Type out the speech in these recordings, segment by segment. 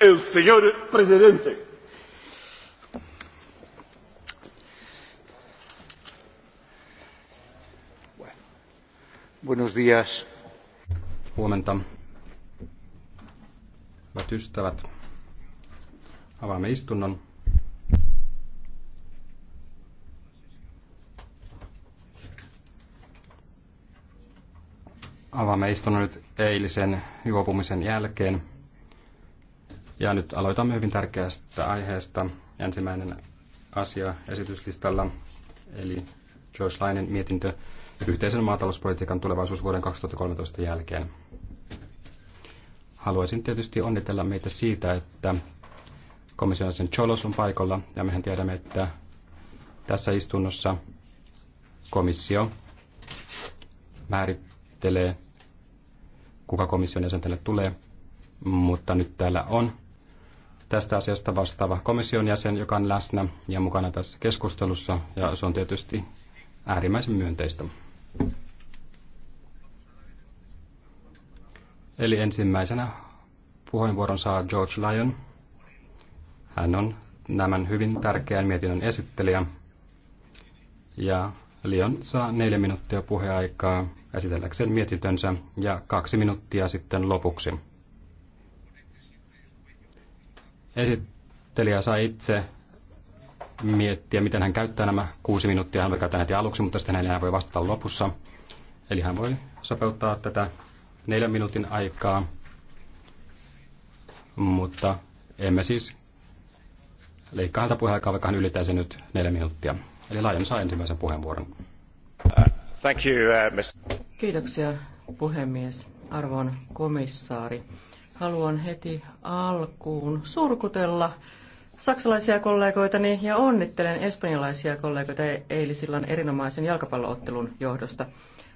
El señor presidente. Buenos días. Huomenta. Hyvät ystävät, avaamme istunnon. Avaamme istunnon nyt eilisen juopumisen jälkeen. Ja nyt aloitamme hyvin tärkeästä aiheesta. Ensimmäinen asia esityslistalla, eli George Lainen mietintö yhteisen maatalouspolitiikan tulevaisuus vuoden 2013 jälkeen. Haluaisin tietysti onnitella meitä siitä, että komissionaisen Cholos on paikalla, ja mehän tiedämme, että tässä istunnossa komissio määrittelee, kuka komission jäsen tänne tulee, mutta nyt täällä on tästä asiasta vastaava komission jäsen, joka on läsnä ja mukana tässä keskustelussa, ja se on tietysti äärimmäisen myönteistä. Eli ensimmäisenä puheenvuoron saa George Lyon. Hän on tämän hyvin tärkeän mietinnön esittelijä. Ja Lyon saa neljä minuuttia puheaikaa esitelläkseen mietintönsä ja kaksi minuuttia sitten lopuksi. Esittelijä saa itse miettiä, miten hän käyttää nämä kuusi minuuttia. Hän voi käyttää heti aluksi, mutta sitten hän voi vastata lopussa. Eli hän voi sopeuttaa tätä neljän minuutin aikaa, mutta emme siis leikkaa häntä puheaikaa, vaikka hän ylittää sen nyt neljä minuuttia. Eli Laajan saa ensimmäisen puheenvuoron. Thank you, uh, Mr. Kiitoksia puhemies, arvon komissaari haluan heti alkuun surkutella saksalaisia kollegoitani ja onnittelen espanjalaisia kollegoita eilisillan erinomaisen jalkapalloottelun johdosta.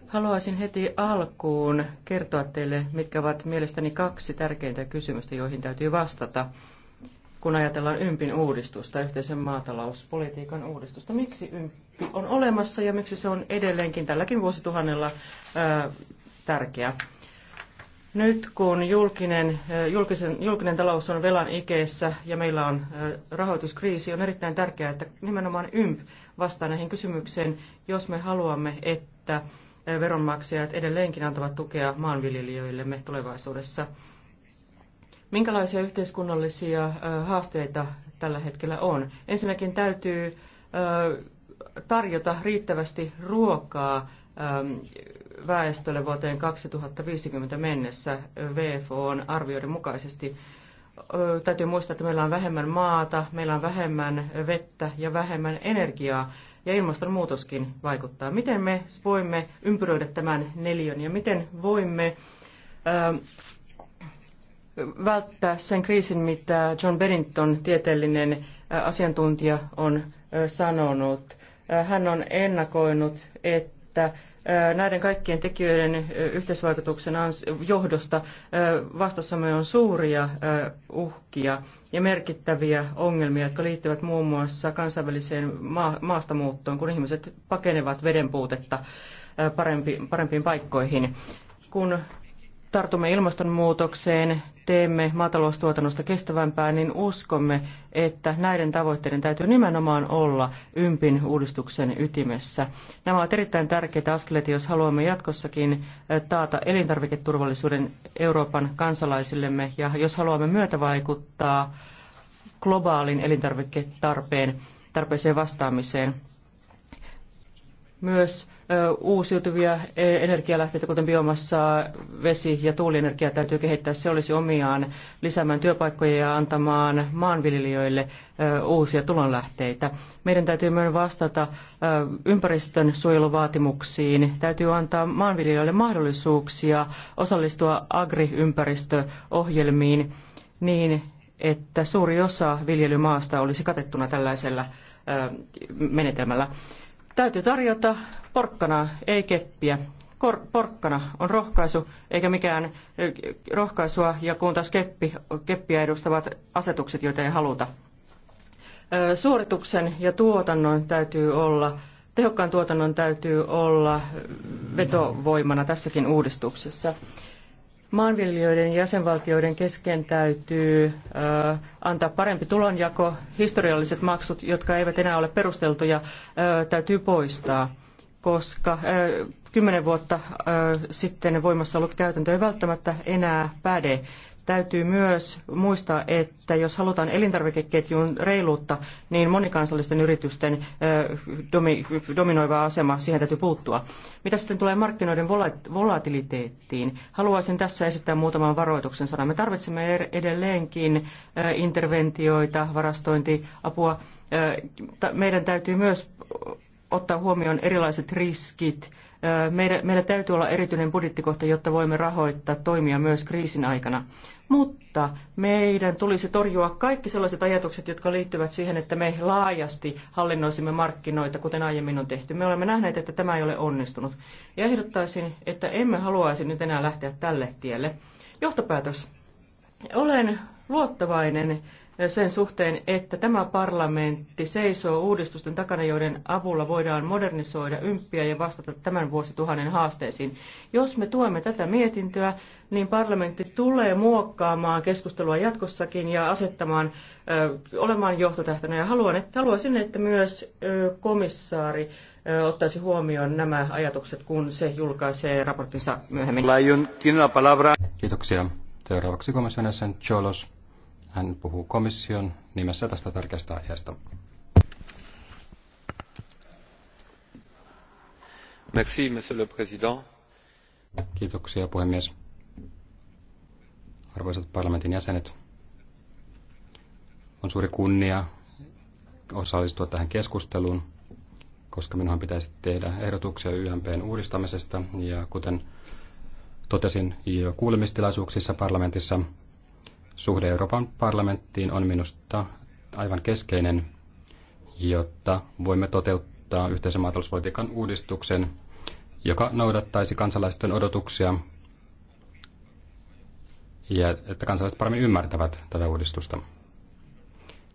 Haluaisin heti alkuun kertoa teille, mitkä ovat mielestäni kaksi tärkeintä kysymystä, joihin täytyy vastata, kun ajatellaan ympin uudistusta, yhteisen maatalouspolitiikan uudistusta. Miksi ympi on olemassa ja miksi se on edelleenkin tälläkin vuosituhannella ää, tärkeä? Nyt kun julkinen, julkisen, julkinen talous on velan ikeessä ja meillä on rahoituskriisi, on erittäin tärkeää, että nimenomaan YMP vastaa näihin kysymykseen, jos me haluamme, että veronmaksajat edelleenkin antavat tukea maanviljelijöillemme tulevaisuudessa. Minkälaisia yhteiskunnallisia haasteita tällä hetkellä on? Ensinnäkin täytyy tarjota riittävästi ruokaa Ähm, väestölle vuoteen 2050 mennessä VFOn arvioiden mukaisesti. Täytyy muistaa, että meillä on vähemmän maata, meillä on vähemmän vettä ja vähemmän energiaa ja ilmastonmuutoskin vaikuttaa. Miten me voimme ympyröidä tämän neljön ja miten voimme ähm, välttää sen kriisin, mitä John Bennington, tieteellinen äh, asiantuntija, on äh, sanonut. Äh, hän on ennakoinut, että että näiden kaikkien tekijöiden yhteisvaikutuksen johdosta vastassamme on suuria uhkia ja merkittäviä ongelmia, jotka liittyvät muun muassa kansainväliseen maastamuuttoon, kun ihmiset pakenevat vedenpuutetta parempiin paikkoihin. Kun tartumme ilmastonmuutokseen, teemme maataloustuotannosta kestävämpää, niin uskomme, että näiden tavoitteiden täytyy nimenomaan olla ympin uudistuksen ytimessä. Nämä ovat erittäin tärkeitä askeleita, jos haluamme jatkossakin eh, taata elintarviketurvallisuuden Euroopan kansalaisillemme ja jos haluamme myötävaikuttaa globaalin elintarviketarpeen tarpeeseen vastaamiseen. Myös uusiutuvia e, energialähteitä, kuten biomassa, vesi- ja tuulienergiaa täytyy kehittää. Se olisi omiaan lisäämään työpaikkoja ja antamaan maanviljelijöille uusia tulonlähteitä. Meidän täytyy myös vastata ympäristön suojeluvaatimuksiin. Täytyy antaa maanviljelijöille mahdollisuuksia osallistua agriympäristöohjelmiin niin, että suuri osa viljelymaasta olisi katettuna tällaisella menetelmällä. Täytyy tarjota porkkanaa, ei keppiä. Kor- porkkana on rohkaisu, eikä mikään rohkaisua, ja kun taas keppi, keppiä edustavat asetukset, joita ei haluta. Suorituksen ja tuotannon täytyy olla, tehokkaan tuotannon täytyy olla vetovoimana tässäkin uudistuksessa maanviljelijöiden jäsenvaltioiden kesken täytyy antaa parempi tulonjako. Historialliset maksut, jotka eivät enää ole perusteltuja, täytyy poistaa, koska kymmenen vuotta sitten voimassa ollut käytäntö ei välttämättä enää päde. Täytyy myös muistaa, että jos halutaan elintarvikeketjun reiluutta, niin monikansallisten yritysten dominoiva asema, siihen täytyy puuttua. Mitä sitten tulee markkinoiden volatiliteettiin? Haluaisin tässä esittää muutaman varoituksen sanan. Me tarvitsemme er-, edelleenkin interventioita, varastointiapua. Meidän täytyy myös ottaa huomioon erilaiset riskit – Meillä, meillä täytyy olla erityinen budjettikohta, jotta voimme rahoittaa toimia myös kriisin aikana. Mutta meidän tulisi torjua kaikki sellaiset ajatukset, jotka liittyvät siihen, että me laajasti hallinnoisimme markkinoita, kuten aiemmin on tehty. Me olemme nähneet, että tämä ei ole onnistunut. Ja ehdottaisin, että emme haluaisi nyt enää lähteä tälle tielle. Johtopäätös. Olen luottavainen sen suhteen, että tämä parlamentti seisoo uudistusten takana, joiden avulla voidaan modernisoida ymppiä ja vastata tämän vuosituhannen haasteisiin. Jos me tuemme tätä mietintöä, niin parlamentti tulee muokkaamaan keskustelua jatkossakin ja asettamaan, ö, olemaan johtotähtänä. Ja haluan, että, haluaisin, että myös ö, komissaari ö, ottaisi huomioon nämä ajatukset, kun se julkaisee raporttinsa myöhemmin. Kiitoksia. Seuraavaksi komission jäsen Cholos. Hän puhuu komission nimessä tästä tärkeästä aiheesta. Merci, monsieur le président. Kiitoksia, puhemies. Arvoisat parlamentin jäsenet, on suuri kunnia osallistua tähän keskusteluun, koska minunhan pitäisi tehdä ehdotuksia YMPn uudistamisesta. Ja kuten totesin jo kuulemistilaisuuksissa parlamentissa, Suhde Euroopan parlamenttiin on minusta aivan keskeinen, jotta voimme toteuttaa yhteisen maatalouspolitiikan uudistuksen, joka noudattaisi kansalaisten odotuksia ja että kansalaiset paremmin ymmärtävät tätä uudistusta.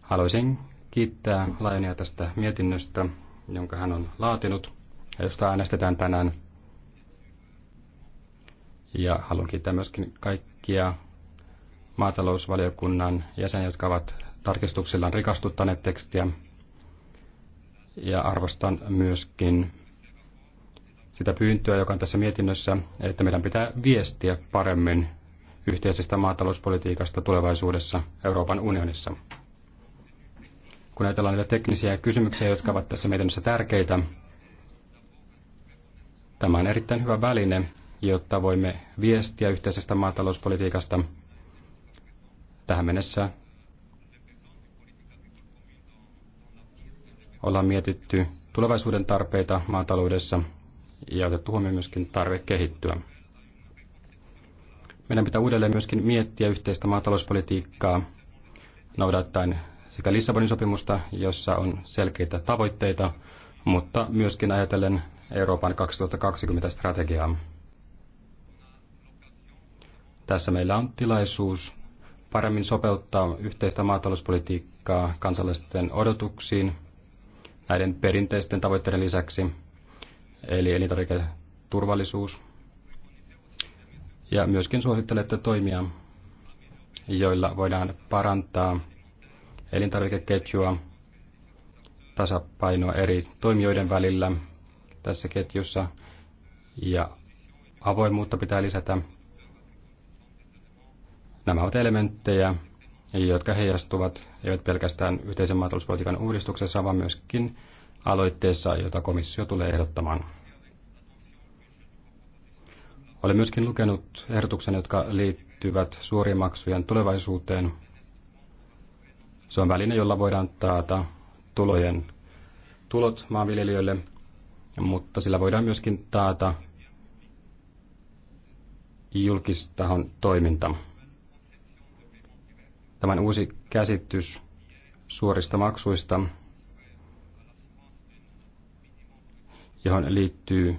Haluaisin kiittää Lajonia tästä mietinnöstä, jonka hän on laatinut, ja josta äänestetään tänään. Ja haluan kiittää myöskin kaikkia maatalousvaliokunnan jäsen, jotka ovat tarkistuksillaan rikastuttaneet tekstiä. Ja arvostan myöskin sitä pyyntöä, joka on tässä mietinnössä, että meidän pitää viestiä paremmin yhteisestä maatalouspolitiikasta tulevaisuudessa Euroopan unionissa. Kun ajatellaan niitä teknisiä kysymyksiä, jotka ovat tässä mietinnössä tärkeitä, tämä on erittäin hyvä väline, jotta voimme viestiä yhteisestä maatalouspolitiikasta – Tähän mennessä ollaan mietitty tulevaisuuden tarpeita maataloudessa ja otettu huomioon myöskin tarve kehittyä. Meidän pitää uudelleen myöskin miettiä yhteistä maatalouspolitiikkaa noudattaen sekä Lissabonin sopimusta, jossa on selkeitä tavoitteita, mutta myöskin ajatellen Euroopan 2020 strategiaa. Tässä meillä on tilaisuus paremmin sopeuttaa yhteistä maatalouspolitiikkaa kansalaisten odotuksiin näiden perinteisten tavoitteiden lisäksi, eli elintarviketurvallisuus. Ja myöskin suosittelette toimia, joilla voidaan parantaa elintarvikeketjua, tasapainoa eri toimijoiden välillä tässä ketjussa ja avoimuutta pitää lisätä Nämä ovat elementtejä, jotka heijastuvat eivät pelkästään yhteisen maatalouspolitiikan uudistuksessa, vaan myöskin aloitteessa, jota komissio tulee ehdottamaan. Olen myöskin lukenut ehdotuksen, jotka liittyvät suorien maksujen tulevaisuuteen. Se on väline, jolla voidaan taata tulojen tulot maanviljelijöille, mutta sillä voidaan myöskin taata julkistahon toiminta. Tämän uusi käsitys suorista maksuista, johon liittyy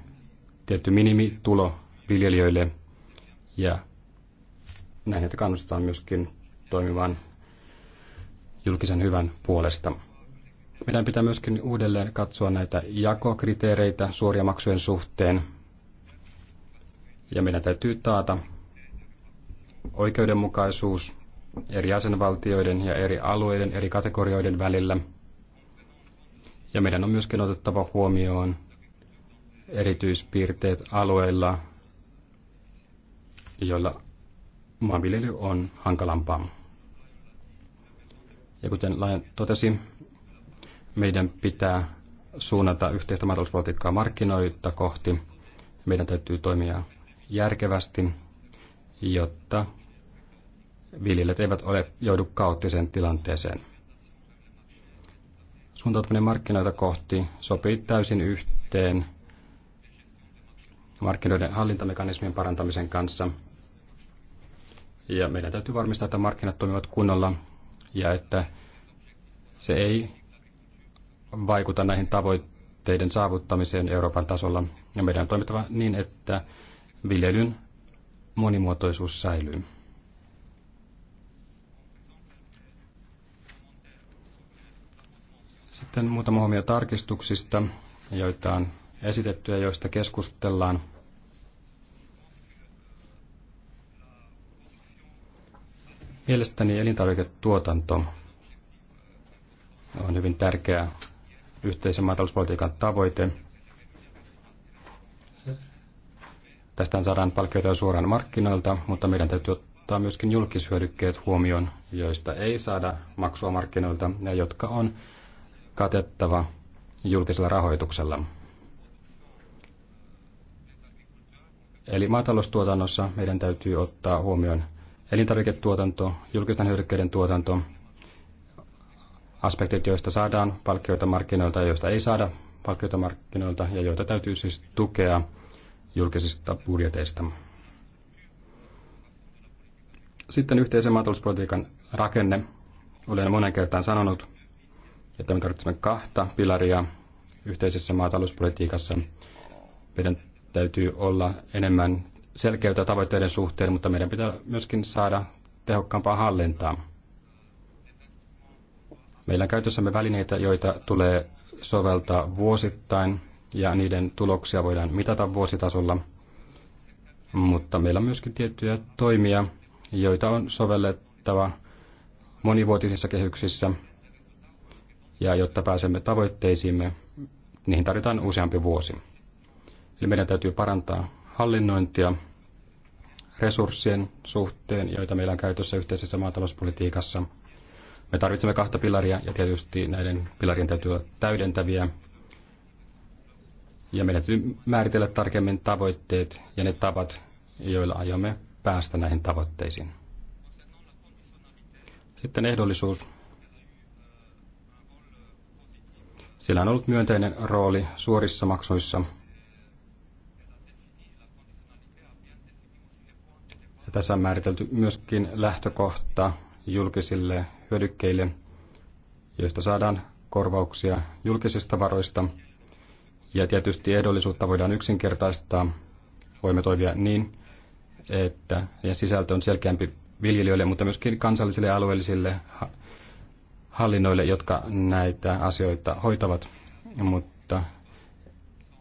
tietty minimitulo viljelijöille ja näin että kannustetaan myöskin toimivan julkisen hyvän puolesta. Meidän pitää myöskin uudelleen katsoa näitä jakokriteereitä suoria maksujen suhteen. Ja meidän täytyy taata oikeudenmukaisuus eri jäsenvaltioiden ja eri alueiden, eri kategorioiden välillä. Ja meidän on myöskin otettava huomioon erityispiirteet alueilla, joilla maanviljely on hankalampaa. Ja kuten Lain totesi, meidän pitää suunnata yhteistä maatalouspolitiikkaa markkinoita kohti. Meidän täytyy toimia järkevästi, jotta viljelijät eivät ole joudu kaoottiseen tilanteeseen. Suuntautuminen markkinoita kohti sopii täysin yhteen markkinoiden hallintamekanismien parantamisen kanssa. Ja meidän täytyy varmistaa, että markkinat toimivat kunnolla ja että se ei vaikuta näihin tavoitteiden saavuttamiseen Euroopan tasolla. Ja meidän on toimittava niin, että viljelyn monimuotoisuus säilyy. Sitten muutama huomio tarkistuksista, joita on esitetty ja joista keskustellaan. Mielestäni elintarviketuotanto on hyvin tärkeä yhteisen maatalouspolitiikan tavoite. Tästä saadaan palkkioita suoraan markkinoilta, mutta meidän täytyy ottaa myöskin julkishyödykkeet huomioon, joista ei saada maksua markkinoilta ja jotka on katettava julkisella rahoituksella. Eli maataloustuotannossa meidän täytyy ottaa huomioon elintarviketuotanto, julkisten hyödykkeiden tuotanto, aspektit, joista saadaan palkkioita markkinoilta ja joista ei saada palkkioita markkinoilta ja joita täytyy siis tukea julkisista budjeteista. Sitten yhteisen maatalouspolitiikan rakenne. Olen monen kertaan sanonut, että me tarvitsemme kahta pilaria yhteisessä maatalouspolitiikassa. Meidän täytyy olla enemmän selkeyttä tavoitteiden suhteen, mutta meidän pitää myöskin saada tehokkaampaa hallintaa. Meillä on käytössämme välineitä, joita tulee soveltaa vuosittain ja niiden tuloksia voidaan mitata vuositasolla, mutta meillä on myöskin tiettyjä toimia, joita on sovellettava monivuotisissa kehyksissä – ja jotta pääsemme tavoitteisiimme, niihin tarvitaan useampi vuosi. Eli meidän täytyy parantaa hallinnointia resurssien suhteen, joita meillä on käytössä yhteisessä maatalouspolitiikassa. Me tarvitsemme kahta pilaria ja tietysti näiden pilarien täytyy olla täydentäviä. Ja meidän täytyy määritellä tarkemmin tavoitteet ja ne tavat, joilla aiomme päästä näihin tavoitteisiin. Sitten ehdollisuus Sillä on ollut myönteinen rooli suorissa maksuissa. Ja tässä on määritelty myöskin lähtökohta julkisille hyödykkeille, joista saadaan korvauksia julkisista varoista. Ja tietysti ehdollisuutta voidaan yksinkertaistaa. Voimme toimia niin, että ja sisältö on selkeämpi viljelijöille, mutta myöskin kansallisille ja alueellisille hallinnoille, jotka näitä asioita hoitavat, mutta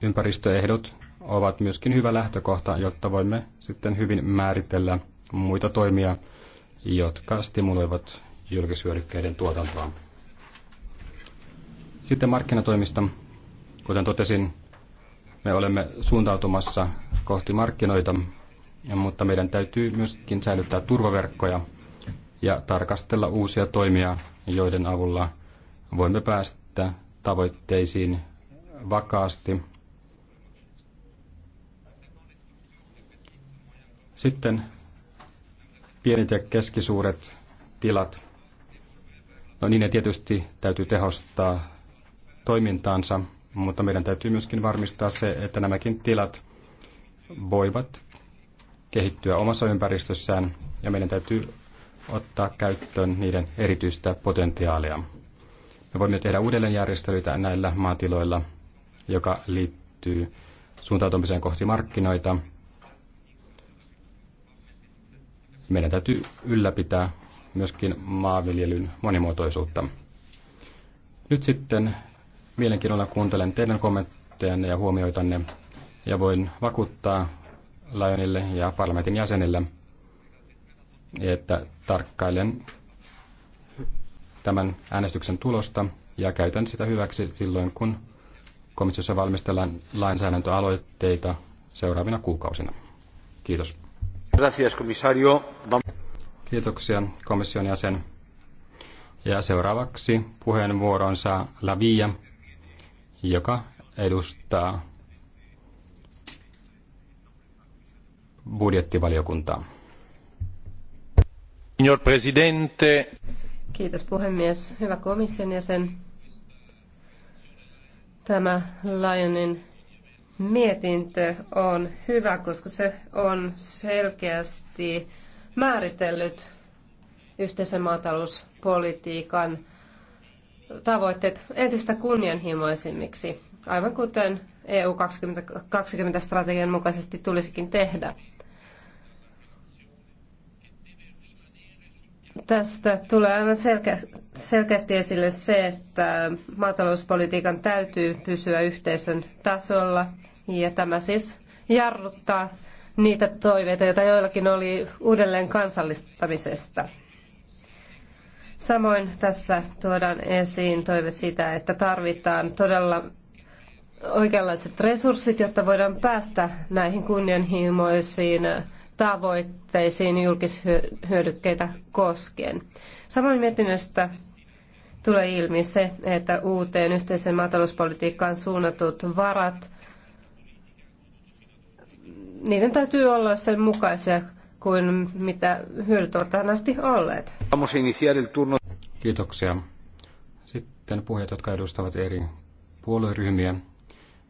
ympäristöehdot ovat myöskin hyvä lähtökohta, jotta voimme sitten hyvin määritellä muita toimia, jotka stimuloivat julkisyödykkeiden tuotantoa. Sitten markkinatoimista. Kuten totesin, me olemme suuntautumassa kohti markkinoita, mutta meidän täytyy myöskin säilyttää turvaverkkoja ja tarkastella uusia toimia, joiden avulla voimme päästä tavoitteisiin vakaasti. Sitten pienet ja keskisuuret tilat. No niin, ne tietysti täytyy tehostaa toimintaansa, mutta meidän täytyy myöskin varmistaa se, että nämäkin tilat voivat kehittyä omassa ympäristössään ja meidän täytyy ottaa käyttöön niiden erityistä potentiaalia. Me voimme tehdä uudelleenjärjestelyitä näillä maatiloilla, joka liittyy suuntautumiseen kohti markkinoita. Meidän täytyy ylläpitää myöskin maanviljelyn monimuotoisuutta. Nyt sitten mielenkiinnolla kuuntelen teidän kommenttejanne ja huomioitanne ja voin vakuuttaa Lionille ja parlamentin jäsenille, että tarkkailen tämän äänestyksen tulosta ja käytän sitä hyväksi silloin, kun komissiossa valmistellaan lainsäädäntöaloitteita seuraavina kuukausina. Kiitos. Gracias, komissario. Kiitoksia komission jäsen. Ja seuraavaksi puheenvuoronsa Lavia, joka edustaa budjettivaliokuntaa. Signor Presidente. Kiitos puhemies. Hyvä komission jäsen. Tämä Lyonin mietintö on hyvä, koska se on selkeästi määritellyt yhteisen maatalouspolitiikan tavoitteet entistä kunnianhimoisemmiksi aivan kuten EU 2020 strategian mukaisesti tulisikin tehdä. Tästä tulee aivan selkeä, selkeästi esille se, että maatalouspolitiikan täytyy pysyä yhteisön tasolla ja tämä siis jarruttaa niitä toiveita, joita joillakin oli uudelleen kansallistamisesta. Samoin tässä tuodaan esiin toive siitä, että tarvitaan todella oikeanlaiset resurssit, jotta voidaan päästä näihin kunnianhimoisiin tavoitteisiin julkishyödykkeitä koskien. Samoin mietinnöstä tulee ilmi se, että uuteen yhteiseen maatalouspolitiikkaan suunnatut varat, niiden täytyy olla sen mukaisia kuin mitä hyödyt ovat tähän asti olleet. Kiitoksia. Sitten puheet, jotka edustavat eri puolueryhmiä.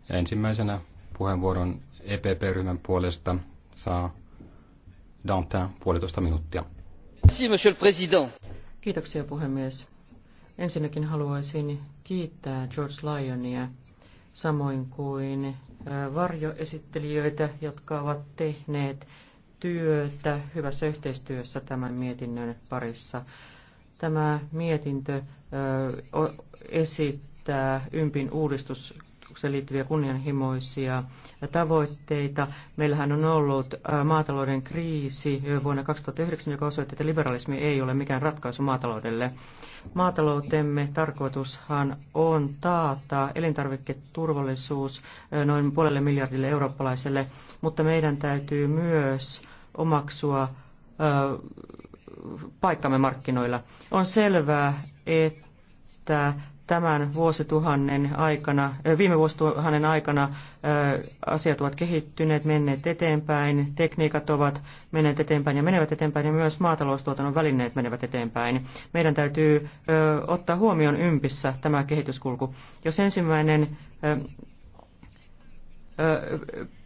Ja ensimmäisenä puheenvuoron EPP-ryhmän puolesta saa Dantin puolitoista minuuttia. Kiitoksia puhemies. Ensinnäkin haluaisin kiittää George Lyonia samoin kuin varjoesittelijöitä, jotka ovat tehneet työtä hyvässä yhteistyössä tämän mietinnön parissa. Tämä mietintö esittää ympin uudistus tutkimukseen liittyviä kunnianhimoisia tavoitteita. Meillähän on ollut maatalouden kriisi vuonna 2009, joka osoitti, että liberalismi ei ole mikään ratkaisu maataloudelle. Maataloutemme tarkoitushan on taata elintarviketurvallisuus noin puolelle miljardille eurooppalaiselle, mutta meidän täytyy myös omaksua paikkamme markkinoilla. On selvää, että tämän vuosituhannen aikana, viime vuosituhannen aikana asiat ovat kehittyneet, menneet eteenpäin, tekniikat ovat menneet eteenpäin ja menevät eteenpäin ja myös maataloustuotannon välineet menevät eteenpäin. Meidän täytyy ottaa huomioon ympissä tämä kehityskulku. Jos ensimmäinen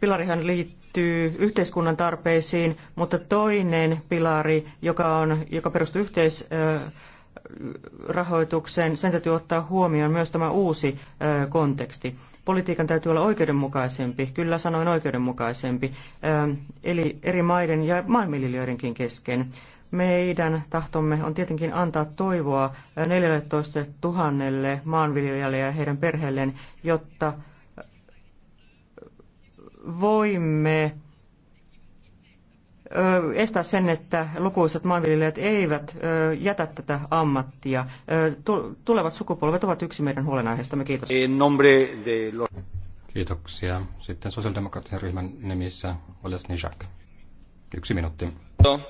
pilarihan liittyy yhteiskunnan tarpeisiin, mutta toinen pilari, joka, on, joka perustuu yhteis rahoitukseen, sen täytyy ottaa huomioon myös tämä uusi konteksti. Politiikan täytyy olla oikeudenmukaisempi, kyllä sanoin oikeudenmukaisempi, eli eri maiden ja maanviljelijöidenkin kesken. Meidän tahtomme on tietenkin antaa toivoa 14 000 maanviljelijälle ja heidän perheelleen, jotta voimme estää sen, että lukuisat maanviljelijät eivät jätä tätä ammattia. Tulevat sukupolvet ovat yksi meidän huolenaiheistamme. Kiitos. Kiitoksia. Sitten sosiaalidemokraattisen ryhmän nimissä Oles Nijak. Yksi minuutti.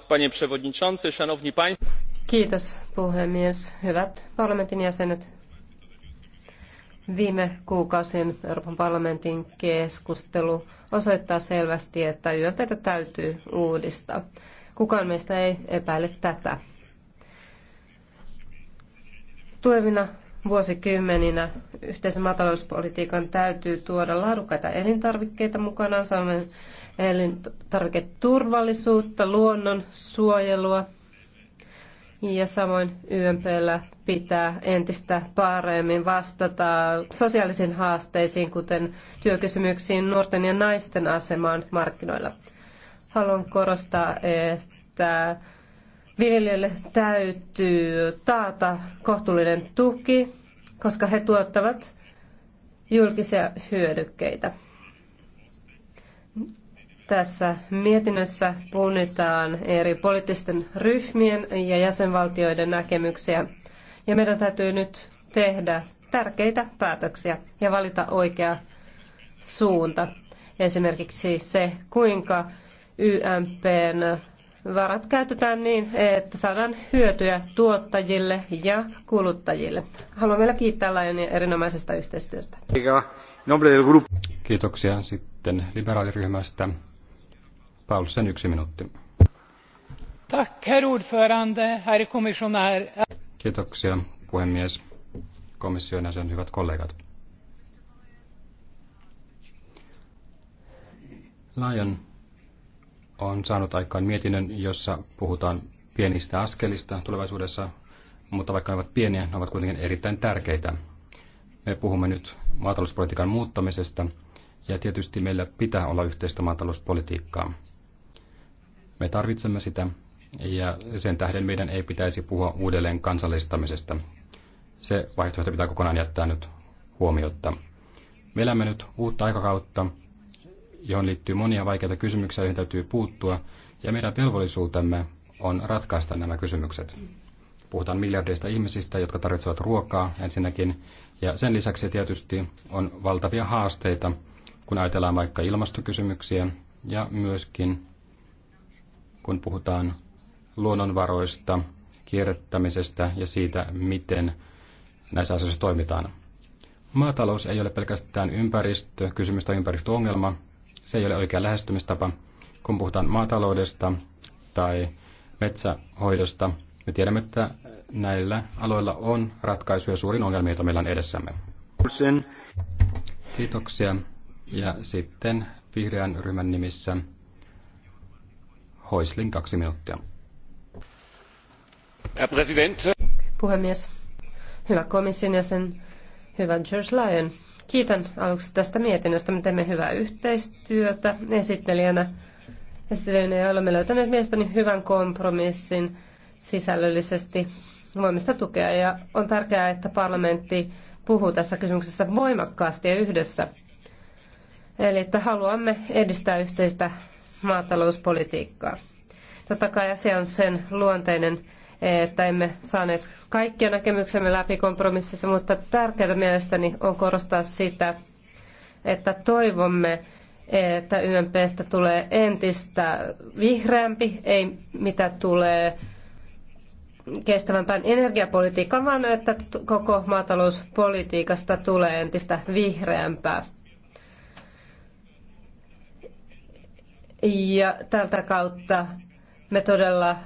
Panie przewodniczący, szanowni państwo. Kiitos puhemies. Hyvät parlamentin jäsenet. Viime kuukausien Euroopan parlamentin keskustelu osoittaa selvästi, että YMPtä täytyy uudistaa. Kukaan meistä ei epäile tätä. Tulevina vuosikymmeninä yhteisen maatalouspolitiikan täytyy tuoda laadukkaita elintarvikkeita mukanaan, samoin elintarviketurvallisuutta, luonnon suojelua, ja samoin YMPllä pitää entistä paremmin vastata sosiaalisiin haasteisiin, kuten työkysymyksiin, nuorten ja naisten asemaan markkinoilla. Haluan korostaa, että viljelijöille täytyy taata kohtuullinen tuki, koska he tuottavat julkisia hyödykkeitä. Tässä mietinnössä punnitaan eri poliittisten ryhmien ja jäsenvaltioiden näkemyksiä. Ja meidän täytyy nyt tehdä tärkeitä päätöksiä ja valita oikea suunta. Esimerkiksi se, kuinka YMPn varat käytetään niin, että saadaan hyötyä tuottajille ja kuluttajille. Haluan vielä kiittää Lajania erinomaisesta yhteistyöstä. Kiitoksia sitten liberaaliryhmästä. Paulsen yksi minuutti. Tack, herr ordförande, herr kommissionär. Kiitoksia, puhemies, komission jäsen, hyvät kollegat. Laajan on saanut aikaan mietinnön, jossa puhutaan pienistä askelista tulevaisuudessa, mutta vaikka ne ovat pieniä, ne ovat kuitenkin erittäin tärkeitä. Me puhumme nyt maatalouspolitiikan muuttamisesta, ja tietysti meillä pitää olla yhteistä maatalouspolitiikkaa. Me tarvitsemme sitä ja sen tähden meidän ei pitäisi puhua uudelleen kansallistamisesta. Se vaihtoehto pitää kokonaan jättää nyt huomiotta. Me elämme nyt uutta aikakautta, johon liittyy monia vaikeita kysymyksiä, joihin täytyy puuttua, ja meidän velvollisuutemme on ratkaista nämä kysymykset. Puhutaan miljardeista ihmisistä, jotka tarvitsevat ruokaa ensinnäkin, ja sen lisäksi tietysti on valtavia haasteita, kun ajatellaan vaikka ilmastokysymyksiä ja myöskin kun puhutaan luonnonvaroista, kierrättämisestä ja siitä, miten näissä asioissa toimitaan. Maatalous ei ole pelkästään ympäristökysymys tai ympäristöongelma. Se ei ole oikea lähestymistapa. Kun puhutaan maataloudesta tai metsähoidosta, me tiedämme, että näillä aloilla on ratkaisuja suurin ongelmia, joita meillä on edessämme. Kiitoksia. Ja sitten vihreän ryhmän nimissä Hoisling, kaksi minuuttia. Puhemies, hyvä komission jäsen, hyvä George Lyon. Kiitän aluksi tästä mietinnöstä. Me teemme hyvää yhteistyötä esittelijänä. Esittelijänä ja olemme löytäneet mielestäni hyvän kompromissin sisällöllisesti voimista tukea. Ja on tärkeää, että parlamentti puhuu tässä kysymyksessä voimakkaasti ja yhdessä. Eli että haluamme edistää yhteistä maatalouspolitiikkaa. Totta kai asia on sen luonteinen, että emme saaneet kaikkia näkemyksemme läpi kompromississa, mutta tärkeää mielestäni on korostaa sitä, että toivomme, että YMPstä tulee entistä vihreämpi, ei mitä tulee kestävämpään energiapolitiikkaan, vaan että koko maatalouspolitiikasta tulee entistä vihreämpää. Ja tältä kautta me todella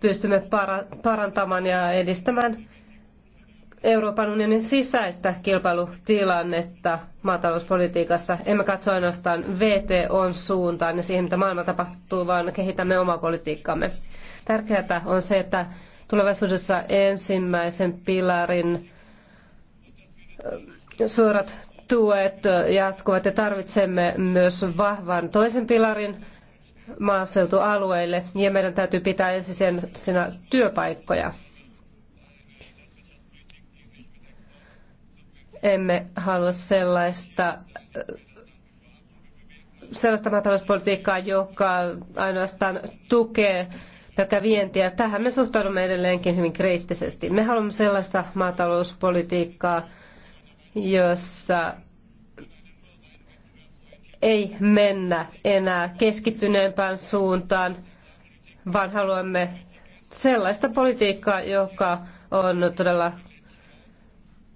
pystymme parantamaan ja edistämään Euroopan unionin sisäistä kilpailutilannetta maatalouspolitiikassa. Emme katso ainoastaan VTOn suuntaan ja siihen, mitä maailma tapahtuu, vaan kehitämme omaa politiikkaamme. Tärkeää on se, että tulevaisuudessa ensimmäisen pilarin suorat tuet äh, jatkuvat ja tarvitsemme myös vahvan toisen pilarin maaseutualueille ja meidän täytyy pitää ensisijaisena työpaikkoja. Emme halua sellaista äh, sellaista maatalouspolitiikkaa, joka ainoastaan tukee pelkkä vientiä. Tähän me suhtaudumme edelleenkin hyvin kriittisesti. Me haluamme sellaista maatalouspolitiikkaa, jossa ei mennä enää keskittyneempään suuntaan, vaan haluamme sellaista politiikkaa, joka on todella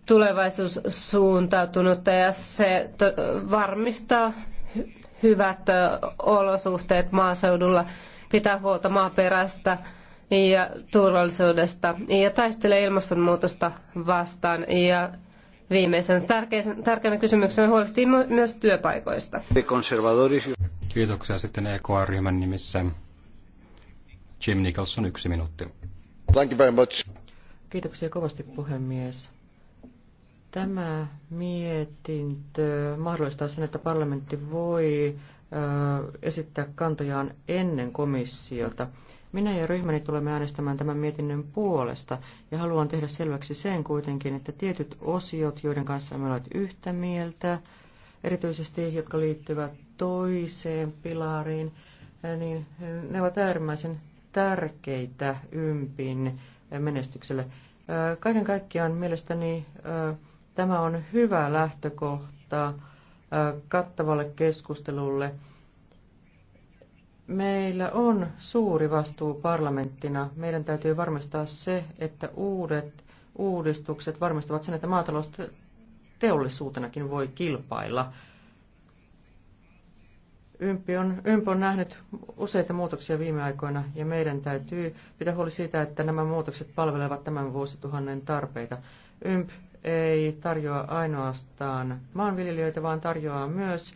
tulevaisuus suuntautunutta ja se varmistaa hyvät olosuhteet maaseudulla, pitää huolta maaperästä ja turvallisuudesta ja taistelee ilmastonmuutosta vastaan ja viimeisen tärkeänä kysymyksenä huolehtii myös työpaikoista. Kiitoksia sitten EKR-ryhmän nimissä. Jim Nicholson, yksi minuutti. Thank you very much. Kiitoksia kovasti puhemies. Tämä mietintö mahdollistaa sen, että parlamentti voi esittää kantojaan ennen komissiota. Minä ja ryhmäni tulemme äänestämään tämän mietinnön puolesta ja haluan tehdä selväksi sen kuitenkin, että tietyt osiot, joiden kanssa me olet yhtä mieltä, erityisesti jotka liittyvät toiseen pilariin, eh, niin eh, ne ovat äärimmäisen tärkeitä ympin menestykselle. Eh, kaiken kaikkiaan mielestäni tämä on hyvä lähtökohta kattavalle keskustelulle – Meillä on suuri vastuu parlamenttina. Meidän täytyy varmistaa se, että uudet uudistukset varmistavat sen, että maatalousteollisuutenakin voi kilpailla. Ympi on, Ympi on nähnyt useita muutoksia viime aikoina ja meidän täytyy pitää huoli siitä, että nämä muutokset palvelevat tämän vuosituhannen tarpeita. Ymp ei tarjoa ainoastaan maanviljelijöitä, vaan tarjoaa myös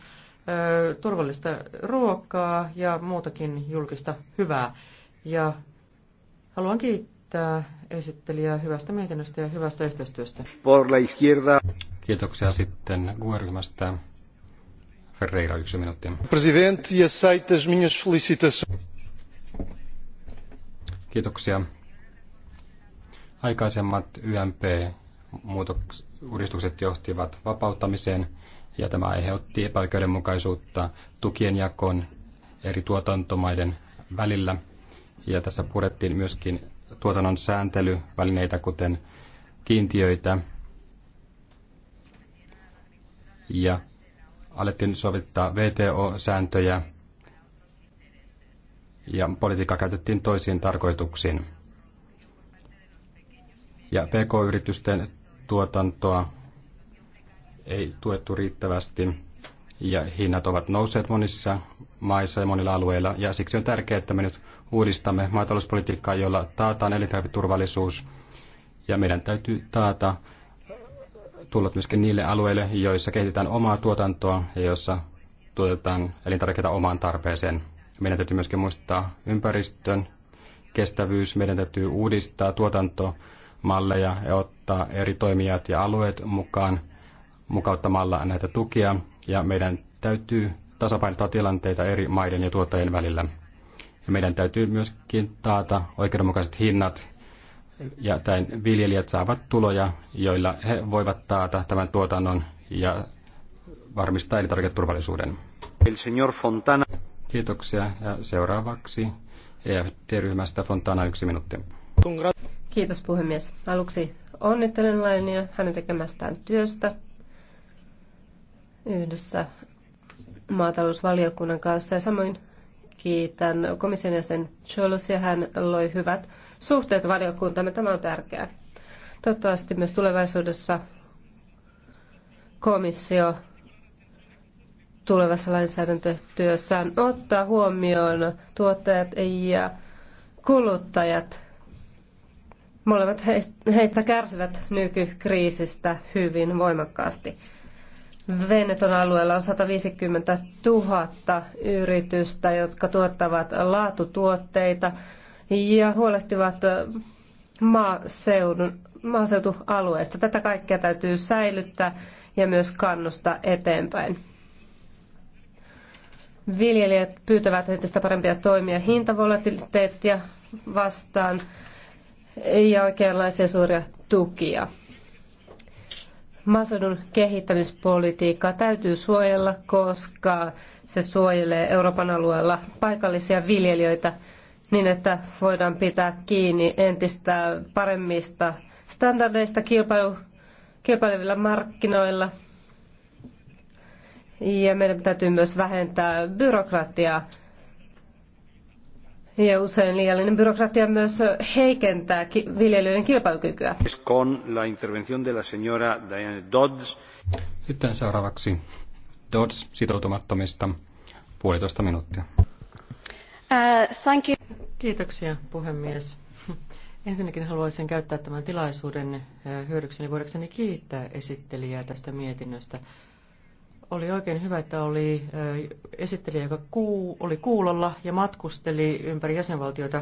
turvallista ruokaa ja muutakin julkista hyvää. Ja haluan kiittää esittelijää hyvästä mietinnöstä ja hyvästä yhteistyöstä. izquierda. Kiitoksia sitten gue Ferreira, yksi minuutti. Presidentti, e aceitas minhas felicitações. Kiitoksia. Aikaisemmat YMP-uudistukset johtivat vapauttamiseen ja tämä aiheutti epäoikeudenmukaisuutta tukien jakon eri tuotantomaiden välillä. Ja tässä purettiin myöskin tuotannon sääntelyvälineitä, kuten kiintiöitä. Ja alettiin sovittaa VTO-sääntöjä ja politiikka käytettiin toisiin tarkoituksiin. Ja PK-yritysten tuotantoa ei tuettu riittävästi ja hinnat ovat nousseet monissa maissa ja monilla alueilla. Ja siksi on tärkeää, että me nyt uudistamme maatalouspolitiikkaa, jolla taataan elintarviketurvallisuus. Ja meidän täytyy taata tulot myöskin niille alueille, joissa kehitetään omaa tuotantoa ja joissa tuotetaan elintarvikkeita omaan tarpeeseen. Meidän täytyy myöskin muistaa ympäristön kestävyys. Meidän täytyy uudistaa tuotantomalleja ja ottaa eri toimijat ja alueet mukaan – mukauttamalla näitä tukia ja meidän täytyy tasapainottaa tilanteita eri maiden ja tuottajien välillä. Ja meidän täytyy myöskin taata oikeudenmukaiset hinnat ja tämän viljelijät saavat tuloja, joilla he voivat taata tämän tuotannon ja varmistaa elintarviketurvallisuuden. El señor Fontana. Kiitoksia ja seuraavaksi EFT-ryhmästä Fontana yksi minuutti. Kiitos puhemies. Aluksi onnittelen Lainia hänen tekemästään työstä yhdessä maatalousvaliokunnan kanssa ja samoin kiitän komission jäsen Cholos ja hän loi hyvät suhteet valiokuntamme. Tämä on tärkeää. Toivottavasti myös tulevaisuudessa komissio tulevassa lainsäädäntötyössään ottaa huomioon tuottajat ja kuluttajat. Molemmat heistä kärsivät nykykriisistä hyvin voimakkaasti. Veneton alueella on 150 000 yritystä, jotka tuottavat laatutuotteita ja huolehtivat maaseudun, maaseutualueesta. Tätä kaikkea täytyy säilyttää ja myös kannustaa eteenpäin. Viljelijät pyytävät entistä parempia toimia hintavolatiliteettia vastaan ja oikeanlaisia suuria tukia. Maaseudun kehittämispolitiikkaa täytyy suojella, koska se suojelee Euroopan alueella paikallisia viljelijöitä niin, että voidaan pitää kiinni entistä paremmista standardeista kilpailu, kilpailevilla markkinoilla. Ja meidän täytyy myös vähentää byrokratiaa ja usein liiallinen byrokratia myös heikentää viljelijöiden kilpailukykyä. Sitten seuraavaksi Dodds sitoutumattomista puolitoista minuuttia. Uh, thank you. Kiitoksia puhemies. Ensinnäkin haluaisin käyttää tämän tilaisuuden uh, hyödykseni voidakseni kiittää esittelijää tästä mietinnöstä. Oli oikein hyvä, että oli esittelijä, joka kuu, oli kuulolla ja matkusteli ympäri jäsenvaltioita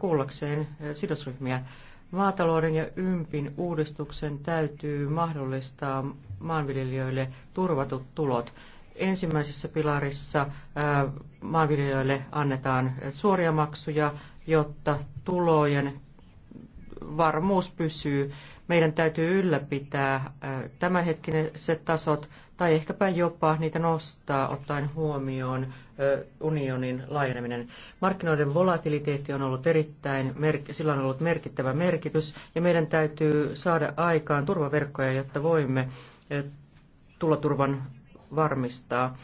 kuullakseen sidosryhmiä. Maatalouden ja ympin uudistuksen täytyy mahdollistaa maanviljelijöille turvatut tulot. Ensimmäisessä pilarissa maanviljelijöille annetaan suoria maksuja, jotta tulojen varmuus pysyy. Meidän täytyy ylläpitää tämänhetkiset tasot tai ehkäpä jopa niitä nostaa ottaen huomioon unionin laajeneminen. Markkinoiden volatiliteetti on ollut erittäin, sillä on ollut merkittävä merkitys ja meidän täytyy saada aikaan turvaverkkoja, jotta voimme tulla turvan varmistaa.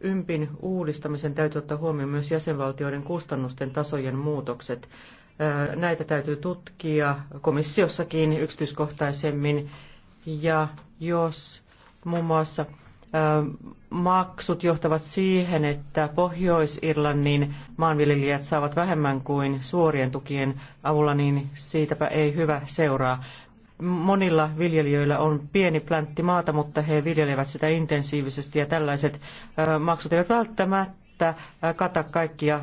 Ympin uudistamisen täytyy ottaa huomioon myös jäsenvaltioiden kustannusten tasojen muutokset. Näitä täytyy tutkia komissiossakin yksityiskohtaisemmin ja jos muun muassa maksut johtavat siihen, että Pohjois-Irlannin maanviljelijät saavat vähemmän kuin suorien tukien avulla, niin siitäpä ei hyvä seuraa. Monilla viljelijöillä on pieni pläntti maata, mutta he viljelevät sitä intensiivisesti ja tällaiset maksut eivät välttämättä kata kaikkia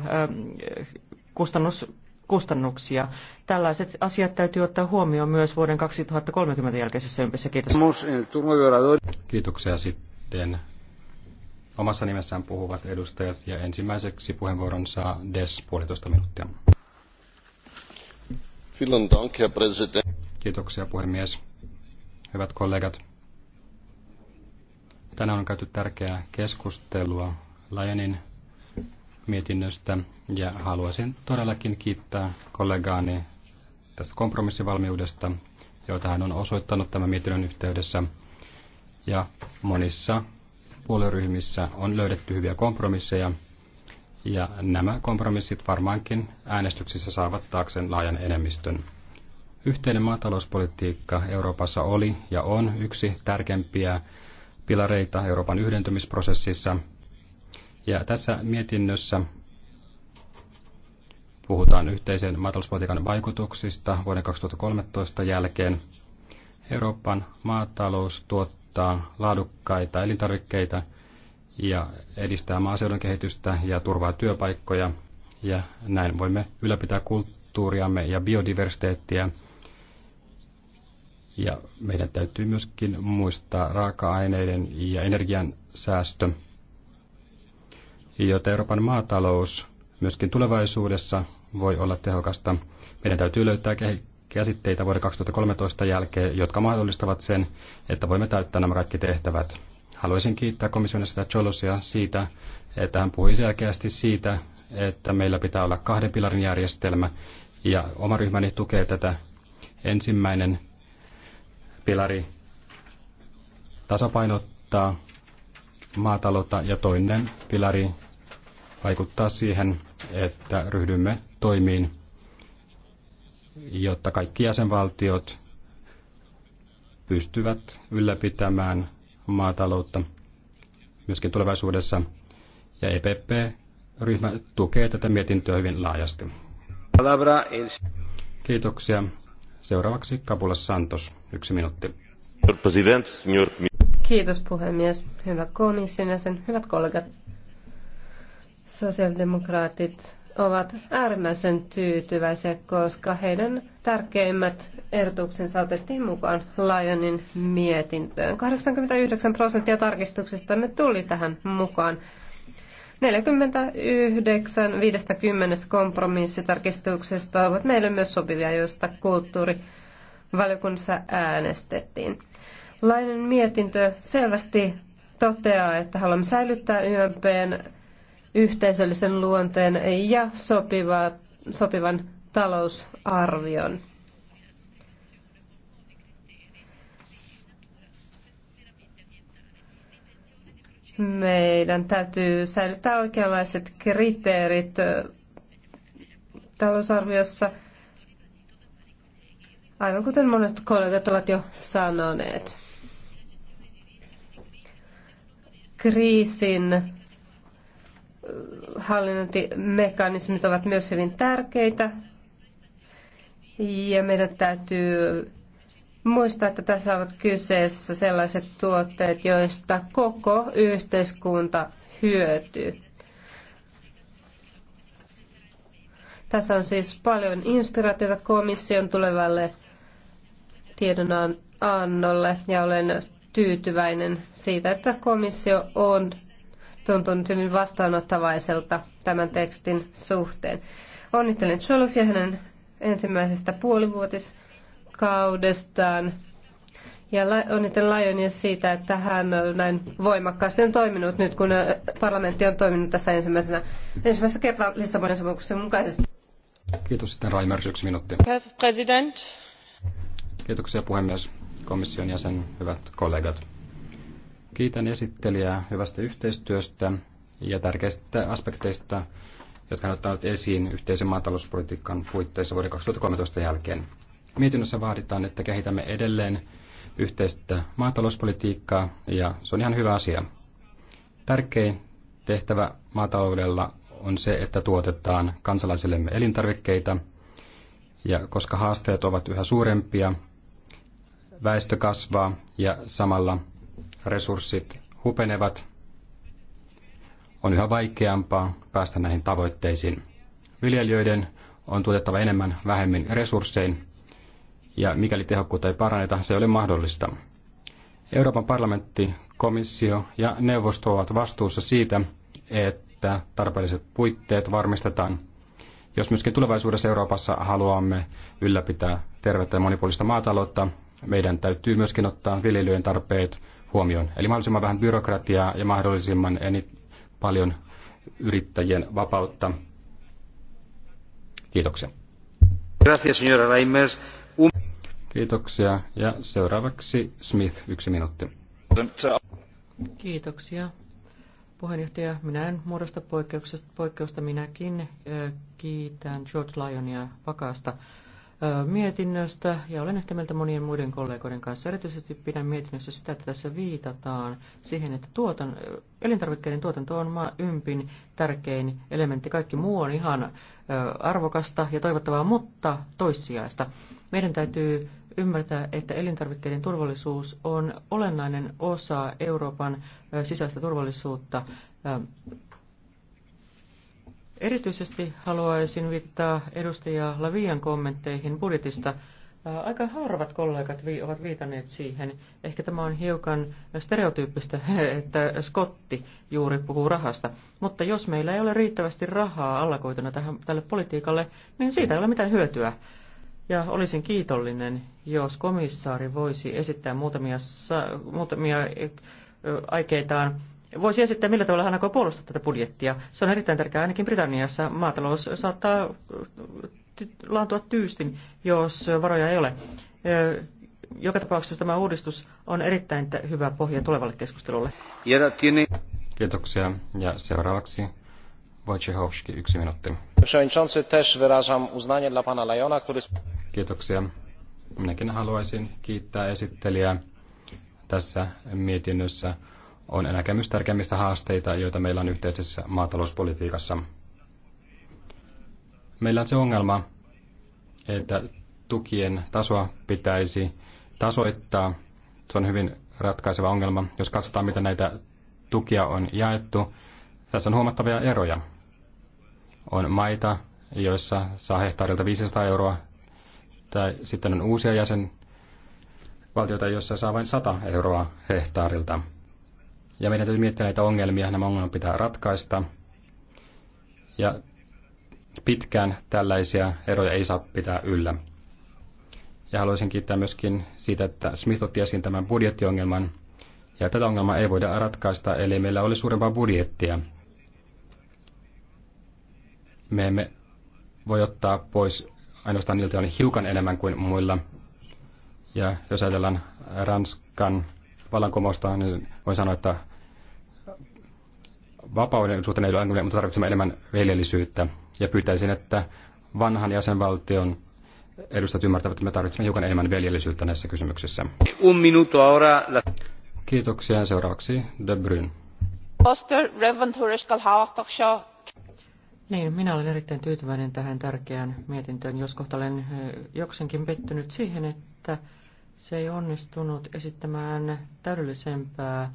kustannus kustannuksia. Tällaiset asiat täytyy ottaa huomioon myös vuoden 2030 jälkeisessä ympässä. Kiitos. Kiitoksia sitten. Omassa nimessään puhuvat edustajat ja ensimmäiseksi puheenvuoron saa DES puolitoista minuuttia. Kiitoksia puhemies. Hyvät kollegat. Tänään on käyty tärkeää keskustelua Lajenin mietinnöstä ja haluaisin todellakin kiittää kollegaani tästä kompromissivalmiudesta, jota hän on osoittanut tämän mietinnön yhteydessä. Ja monissa puolueryhmissä on löydetty hyviä kompromisseja, ja nämä kompromissit varmaankin äänestyksissä saavat taakseen laajan enemmistön. Yhteinen maatalouspolitiikka Euroopassa oli ja on yksi tärkeimpiä pilareita Euroopan yhdentymisprosessissa – ja tässä mietinnössä puhutaan yhteisen maatalouspolitiikan vaikutuksista vuoden 2013 jälkeen. Euroopan maatalous tuottaa laadukkaita elintarvikkeita ja edistää maaseudun kehitystä ja turvaa työpaikkoja. Ja näin voimme ylläpitää kulttuuriamme ja biodiversiteettiä. Ja meidän täytyy myöskin muistaa raaka-aineiden ja energian säästö – jotta Euroopan maatalous myöskin tulevaisuudessa voi olla tehokasta. Meidän täytyy löytää käsitteitä vuoden 2013 jälkeen, jotka mahdollistavat sen, että voimme täyttää nämä kaikki tehtävät. Haluaisin kiittää komissionista Cholosia siitä, että hän puhui selkeästi siitä, että meillä pitää olla kahden pilarin järjestelmä, ja oma ryhmäni tukee tätä. Ensimmäinen pilari tasapainottaa maataloutta ja toinen pilari vaikuttaa siihen, että ryhdymme toimiin, jotta kaikki jäsenvaltiot pystyvät ylläpitämään maataloutta myöskin tulevaisuudessa. Ja EPP-ryhmä tukee tätä mietintöä hyvin laajasti. Kiitoksia. Seuraavaksi Kapula Santos, yksi minuutti. Kiitos puhemies, hyvä komission jäsen, hyvät kollegat. Sosiaalidemokraatit ovat äärimmäisen tyytyväisiä, koska heidän tärkeimmät ehdotuksensa otettiin mukaan Lionin mietintöön. 89 prosenttia tarkistuksista me tuli tähän mukaan. 49 50 kompromissitarkistuksesta ovat meille myös sopivia, joista kulttuurivaliokunnassa äänestettiin. Lainen mietintö selvästi toteaa, että haluamme säilyttää YMPn yhteisöllisen luonteen ja sopiva, sopivan talousarvion. Meidän täytyy säilyttää oikeanlaiset kriteerit talousarviossa, aivan kuten monet kollegat ovat jo sanoneet. Kriisin hallinnointimekanismit ovat myös hyvin tärkeitä. Ja meidän täytyy muistaa, että tässä ovat kyseessä sellaiset tuotteet, joista koko yhteiskunta hyötyy. Tässä on siis paljon inspiraatiota komission tulevalle tiedonannolle ja olen tyytyväinen siitä, että komissio on tuntunut hyvin vastaanottavaiselta tämän tekstin suhteen. Onnittelen Cholos ja hänen ensimmäisestä puolivuotiskaudestaan. Ja onnittelen Lajonia siitä, että hän näin voimakkaasti on toiminut nyt, kun äh, parlamentti on toiminut tässä ensimmäisenä, ensimmäistä kertaa Lissabonin sopimuksen mukaisesti. Kiitos sitten Raimers, yksi minuutti. President. Kiitoksia puhemies, komission jäsen, hyvät kollegat. Kiitän esittelijää hyvästä yhteistyöstä ja tärkeistä aspekteista, jotka hän ottanut esiin yhteisen maatalouspolitiikan puitteissa vuoden 2013 jälkeen. Mietinnössä vaaditaan, että kehitämme edelleen yhteistä maatalouspolitiikkaa ja se on ihan hyvä asia. Tärkein tehtävä maataloudella on se, että tuotetaan kansalaisillemme elintarvikkeita ja koska haasteet ovat yhä suurempia, väestö kasvaa ja samalla resurssit hupenevat, on yhä vaikeampaa päästä näihin tavoitteisiin. Viljelijöiden on tuotettava enemmän vähemmin resurssein, ja mikäli tehokkuutta ei paranneta, se ei ole mahdollista. Euroopan parlamentti, komissio ja neuvosto ovat vastuussa siitä, että tarpeelliset puitteet varmistetaan. Jos myöskin tulevaisuudessa Euroopassa haluamme ylläpitää tervettä ja monipuolista maataloutta, meidän täytyy myöskin ottaa viljelyjen tarpeet huomioon. Eli mahdollisimman vähän byrokratiaa ja mahdollisimman enit, paljon yrittäjien vapautta. Kiitoksia. Gracias, señora Reimers. Um... Kiitoksia. Ja seuraavaksi Smith, yksi minuutti. Kiitoksia. Puheenjohtaja, minä en muodosta poikkeusta. Minäkin kiitän George Lyonia vakaasta mietinnöstä ja olen yhtä mieltä monien muiden kollegoiden kanssa. Erityisesti pidän mietinnössä sitä, että tässä viitataan siihen, että tuotan, elintarvikkeiden tuotanto on maa ympin tärkein elementti. Kaikki muu on ihan arvokasta ja toivottavaa, mutta toissijaista. Meidän täytyy ymmärtää, että elintarvikkeiden turvallisuus on olennainen osa Euroopan sisäistä turvallisuutta. Erityisesti haluaisin viittaa edustaja Lavian kommentteihin budjetista. Aika harvat kollegat ovat viitanneet siihen. Ehkä tämä on hiukan stereotyyppistä, että Skotti juuri puhuu rahasta. Mutta jos meillä ei ole riittävästi rahaa allakoituna tähän, tälle politiikalle, niin siitä ei ole mitään hyötyä. Ja olisin kiitollinen, jos komissaari voisi esittää muutamia, muutamia aikeitaan voisi esittää, millä tavalla hän aikoo puolustaa tätä budjettia. Se on erittäin tärkeää, ainakin Britanniassa maatalous saattaa laantua tyystin, jos varoja ei ole. Joka tapauksessa tämä uudistus on erittäin hyvä pohja tulevalle keskustelulle. Kiitoksia. Ja seuraavaksi Wojciechowski, yksi minuutti. Kiitoksia. Minäkin haluaisin kiittää esittelijää tässä mietinnössä on näkemys tärkeimmistä haasteita, joita meillä on yhteisessä maatalouspolitiikassa. Meillä on se ongelma, että tukien tasoa pitäisi tasoittaa. Se on hyvin ratkaiseva ongelma. Jos katsotaan, miten näitä tukia on jaettu, tässä on huomattavia eroja. On maita, joissa saa hehtaarilta 500 euroa, tai sitten on uusia jäsenvaltioita, joissa saa vain 100 euroa hehtaarilta. Ja meidän täytyy miettiä näitä ongelmia, nämä ongelmat pitää ratkaista. Ja pitkään tällaisia eroja ei saa pitää yllä. Ja haluaisin kiittää myöskin siitä, että Smith otti esiin tämän budjettiongelman. Ja tätä ongelmaa ei voida ratkaista, eli meillä oli suurempaa budjettia. Me emme voi ottaa pois ainoastaan niiltä on hiukan enemmän kuin muilla. Ja jos ajatellaan Ranskan vallankumousta, niin voi sanoa, että vapauden suhteen ei ole ongelmia, mutta tarvitsemme enemmän veljellisyyttä. Ja pyytäisin, että vanhan jäsenvaltion edustajat ymmärtävät, että me tarvitsemme hiukan enemmän veljellisyyttä näissä kysymyksissä. Un minuto ahora. La... Kiitoksia. Seuraavaksi De Bruyne. Niin, minä olen erittäin tyytyväinen tähän tärkeään mietintöön. kohta olen eh, jokseenkin pettynyt siihen, että se ei onnistunut esittämään täydellisempää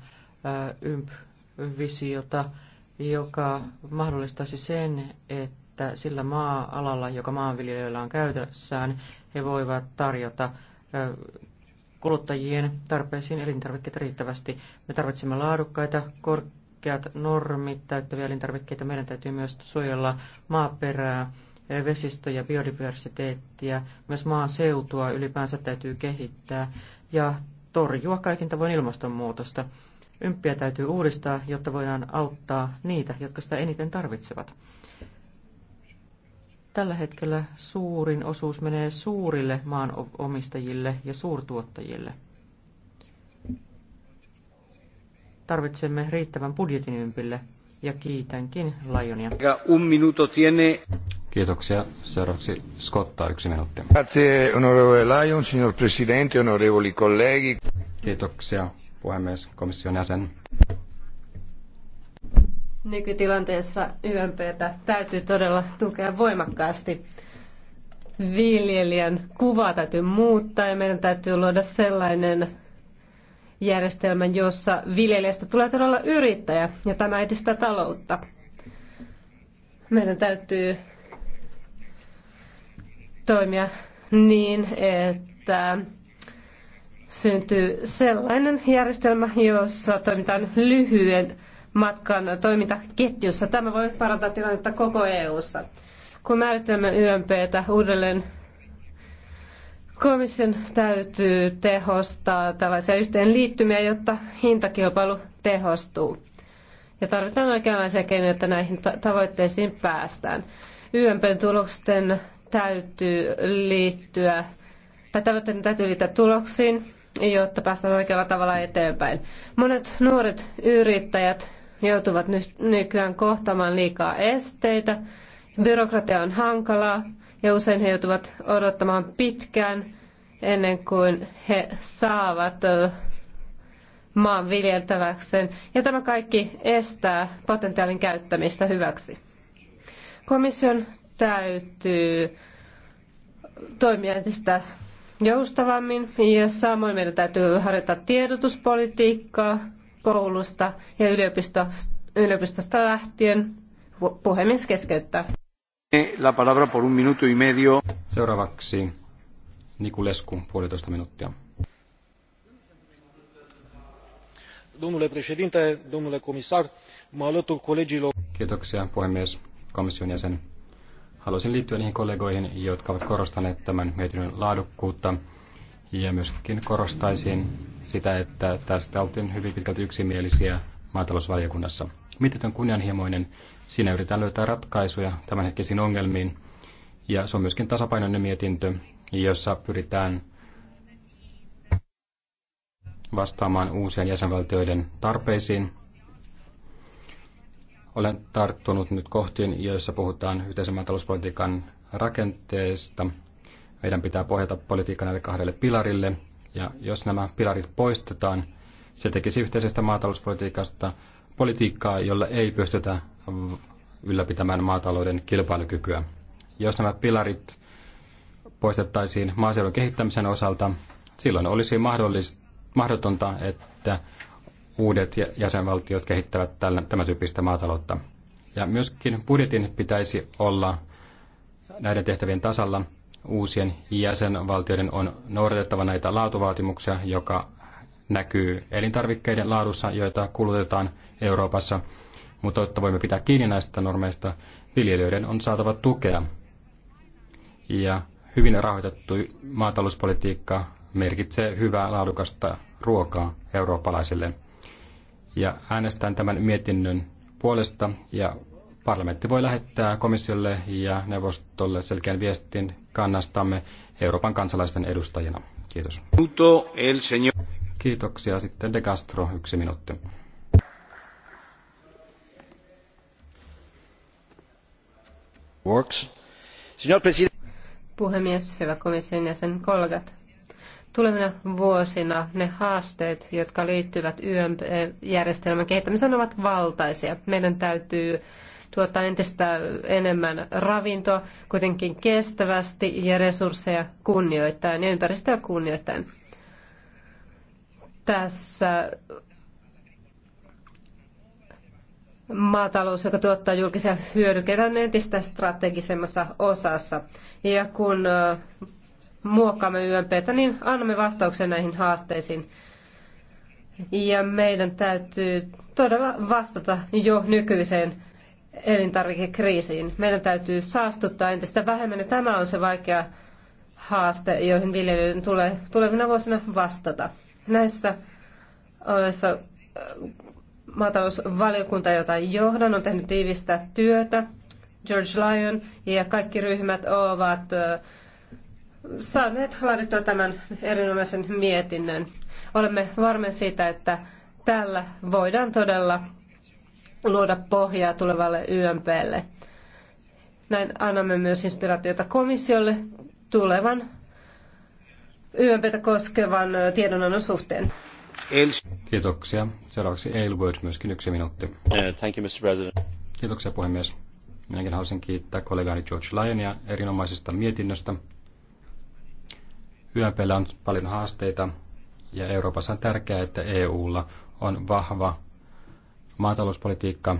YMP-visiota, joka mahdollistaisi sen, että sillä maa-alalla, joka maanviljelijöillä on käytössään, he voivat tarjota kuluttajien tarpeisiin elintarvikkeita riittävästi. Me tarvitsemme laadukkaita, korkeat normit täyttäviä elintarvikkeita. Meidän täytyy myös suojella maaperää vesistöjä, biodiversiteettiä, myös maaseutua ylipäänsä täytyy kehittää ja torjua kaikin tavoin ilmastonmuutosta. Ymppiä täytyy uudistaa, jotta voidaan auttaa niitä, jotka sitä eniten tarvitsevat. Tällä hetkellä suurin osuus menee suurille maanomistajille ja suurtuottajille. Tarvitsemme riittävän budjetin ympille ja kiitänkin Lajonia. Un minuto tiene. Kiitoksia. Seuraavaksi Scotta, yksi minuutti. Grazie, onorevole Lyon, signor presidente, onorevoli colleghi. Kiitoksia, puhemies, komission jäsen. Nykytilanteessa YMPtä täytyy todella tukea voimakkaasti. Viljelijän kuvaa täytyy muuttaa ja meidän täytyy luoda sellainen järjestelmä, jossa viljelijästä tulee todella yrittäjä ja tämä edistää taloutta. Meidän täytyy toimia niin, että syntyy sellainen järjestelmä, jossa toimitaan lyhyen matkan toimintaketjussa. Tämä voi parantaa tilannetta koko EU:ssa. Kun määrittelemme YMPtä uudelleen, komission täytyy tehostaa tällaisia yhteenliittymiä, jotta hintakilpailu tehostuu. Ja tarvitaan oikeanlaisia keinoja, että näihin tavoitteisiin päästään. YMPn tulosten täytyy liittyä, tai tavoitteiden täytyy liittyä tuloksiin, jotta päästään oikealla tavalla eteenpäin. Monet nuoret yrittäjät joutuvat nykyään kohtaamaan liikaa esteitä, byrokratia on hankalaa ja usein he joutuvat odottamaan pitkään ennen kuin he saavat maan viljeltäväkseen. Ja tämä kaikki estää potentiaalin käyttämistä hyväksi. Komission täytyy toimia entistä joustavammin ja samoin meidän täytyy harjoittaa tiedotuspolitiikkaa koulusta ja yliopistosta, yliopistosta lähtien. Puhemies keskeyttää. La palabra por un minuto y medio. Seuraavaksi Nikulescu, puolitoista minuuttia. Domnule președinte, domnule comisar, mă alătur colegilor. Kiitoksia puhemies, komission jäsen. Haluaisin liittyä niihin kollegoihin, jotka ovat korostaneet tämän mietinnön laadukkuutta. Ja myöskin korostaisin sitä, että tästä oltiin hyvin pitkälti yksimielisiä maatalousvaliokunnassa. Mietintö on kunnianhimoinen. Siinä yritetään löytää ratkaisuja tämänhetkisiin ongelmiin. Ja se on myöskin tasapainoinen mietintö, jossa pyritään vastaamaan uusien jäsenvaltioiden tarpeisiin olen tarttunut nyt kohtiin, joissa puhutaan yhteisemmän talouspolitiikan rakenteesta. Meidän pitää pohjata politiikka näille kahdelle pilarille, ja jos nämä pilarit poistetaan, se tekisi yhteisestä maatalouspolitiikasta politiikkaa, jolla ei pystytä ylläpitämään maatalouden kilpailukykyä. Jos nämä pilarit poistettaisiin maaseudun kehittämisen osalta, silloin olisi mahdollista, mahdotonta, että uudet jäsenvaltiot kehittävät tämän tyyppistä maataloutta. Ja myöskin budjetin pitäisi olla näiden tehtävien tasalla. Uusien jäsenvaltioiden on noudatettava näitä laatuvaatimuksia, joka näkyy elintarvikkeiden laadussa, joita kulutetaan Euroopassa. Mutta jotta voimme pitää kiinni näistä normeista, viljelijöiden on saatava tukea. Ja hyvin rahoitettu maatalouspolitiikka merkitsee hyvää laadukasta ruokaa eurooppalaisille ja äänestän tämän mietinnön puolesta ja parlamentti voi lähettää komissiolle ja neuvostolle selkeän viestin kannastamme Euroopan kansalaisten edustajina. Kiitos. Kiitoksia. Sitten De Castro, yksi minuutti. Works. Puhemies, hyvä komission jäsen, kollegat. Tulevina vuosina ne haasteet, jotka liittyvät YMP-järjestelmän kehittämiseen, ovat valtaisia. Meidän täytyy tuottaa entistä enemmän ravintoa, kuitenkin kestävästi ja resursseja kunnioittain ja ympäristöä kunnioittain. Tässä maatalous, joka tuottaa julkisia hyödykkeitä, on entistä strategisemmassa osassa. Ja kun muokkaamme YMPtä, niin annamme vastauksen näihin haasteisiin. Ja meidän täytyy todella vastata jo nykyiseen elintarvikekriisiin. Meidän täytyy saastuttaa entistä vähemmän ja tämä on se vaikea haaste, joihin viljelijöiden tulee tulevina vuosina vastata. Näissä olessa maatalousvaliokunta, jota johdan, on tehnyt tiivistä työtä. George Lyon ja kaikki ryhmät ovat saaneet laadittua tämän erinomaisen mietinnön. Olemme varmoja siitä, että tällä voidaan todella luoda pohjaa tulevalle YMPlle. Näin annamme myös inspiraatiota komissiolle tulevan YMPtä koskevan tiedonannon suhteen. Kiitoksia. Seuraavaksi Aylward, myöskin yksi minuutti. thank you, Mr. President. Kiitoksia puhemies. Minäkin haluaisin kiittää kollegaani George Lyonia erinomaisesta mietinnöstä. YMPllä on paljon haasteita ja Euroopassa on tärkeää, että EUlla on vahva maatalouspolitiikka,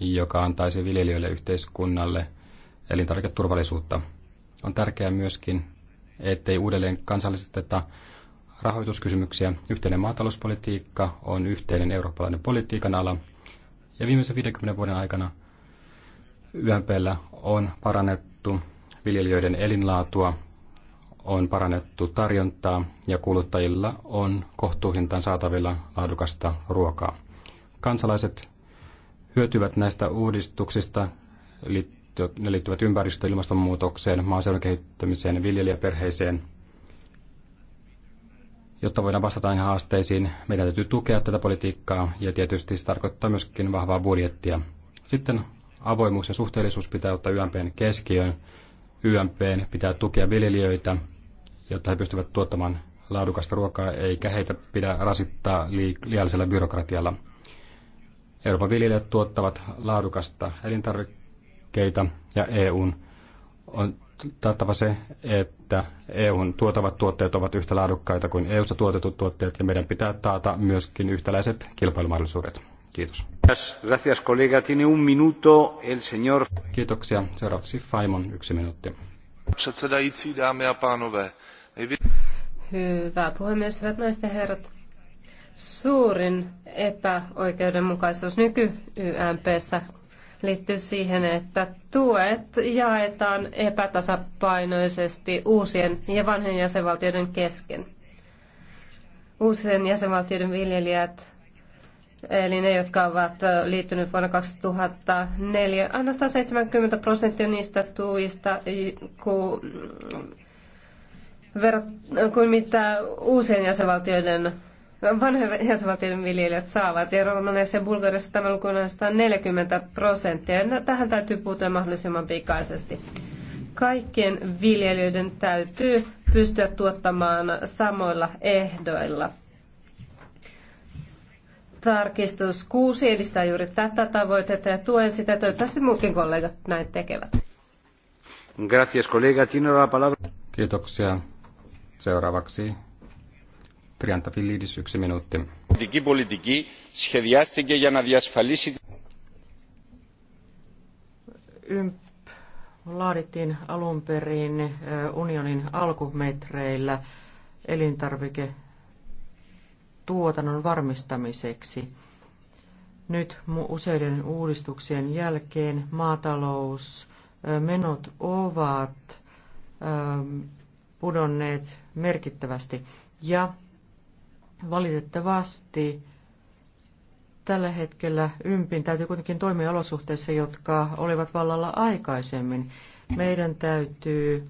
joka antaisi viljelijöille yhteiskunnalle elintarviketurvallisuutta. On tärkeää myöskin, ettei uudelleen kansallisteta rahoituskysymyksiä. Yhteinen maatalouspolitiikka on yhteinen eurooppalainen politiikan ala. Ja viimeisen 50 vuoden aikana YMPllä on parannettu viljelijöiden elinlaatua on parannettu tarjontaa ja kuluttajilla on kohtuuhintaan saatavilla laadukasta ruokaa. Kansalaiset hyötyvät näistä uudistuksista, ne liittyvät ympäristö- ja ilmastonmuutokseen, maaseudun kehittämiseen, viljelijäperheeseen. Jotta voidaan vastata näihin haasteisiin, meidän täytyy tukea tätä politiikkaa ja tietysti se tarkoittaa myöskin vahvaa budjettia. Sitten avoimuus ja suhteellisuus pitää ottaa YMPn keskiöön YMP pitää tukea viljelijöitä, jotta he pystyvät tuottamaan laadukasta ruokaa, eikä heitä pidä rasittaa liiallisella byrokratialla. Euroopan viljelijät tuottavat laadukasta elintarvikkeita ja EUn on taattava se, että EUn tuotavat tuotteet ovat yhtä laadukkaita kuin EUssa tuotetut tuotteet ja meidän pitää taata myöskin yhtäläiset kilpailumahdollisuudet. Kiitos. Gracias, kollega. Tiene un minuto el señor... Kiitoksia. Seuraavaksi Faimon yksi minuutti. Předsedající, dámy a pánové. Hyvä puhemies, hyvät naiset ja herrat. Suurin epäoikeudenmukaisuus nyky-YMPssä liittyy siihen, että tuet jaetaan epätasapainoisesti uusien ja vanhojen jäsenvaltioiden kesken. Uusien jäsenvaltioiden viljelijät eli ne, jotka ovat liittyneet vuonna 2004. Ainoastaan 70 prosenttia niistä tuista, mm, kuin mitä uusien jäsenvaltioiden vanhojen jäsenvaltioiden viljelijät saavat, ja Romaniassa ja Bulgariassa tämä luku on 40 prosenttia. Tähän täytyy puuttua mahdollisimman pikaisesti. Kaikkien viljelijöiden täytyy pystyä tuottamaan samoilla ehdoilla – Tarkistus 6 edistää juuri tätä tavoitetta ja tuen sitä. Toivottavasti muutkin kollegat näin tekevät. Gracias, kollega. la palabra. Kiitoksia. Seuraavaksi filidis yksi minuutti. Η πολιτική σχεδιάστηκε για να διασφαλίσει... Laadittiin alun perin unionin alkumetreillä elintarvike tuotannon varmistamiseksi. Nyt useiden uudistuksien jälkeen maatalousmenot ovat pudonneet merkittävästi ja valitettavasti tällä hetkellä ympin täytyy kuitenkin toimia olosuhteissa, jotka olivat vallalla aikaisemmin. Meidän täytyy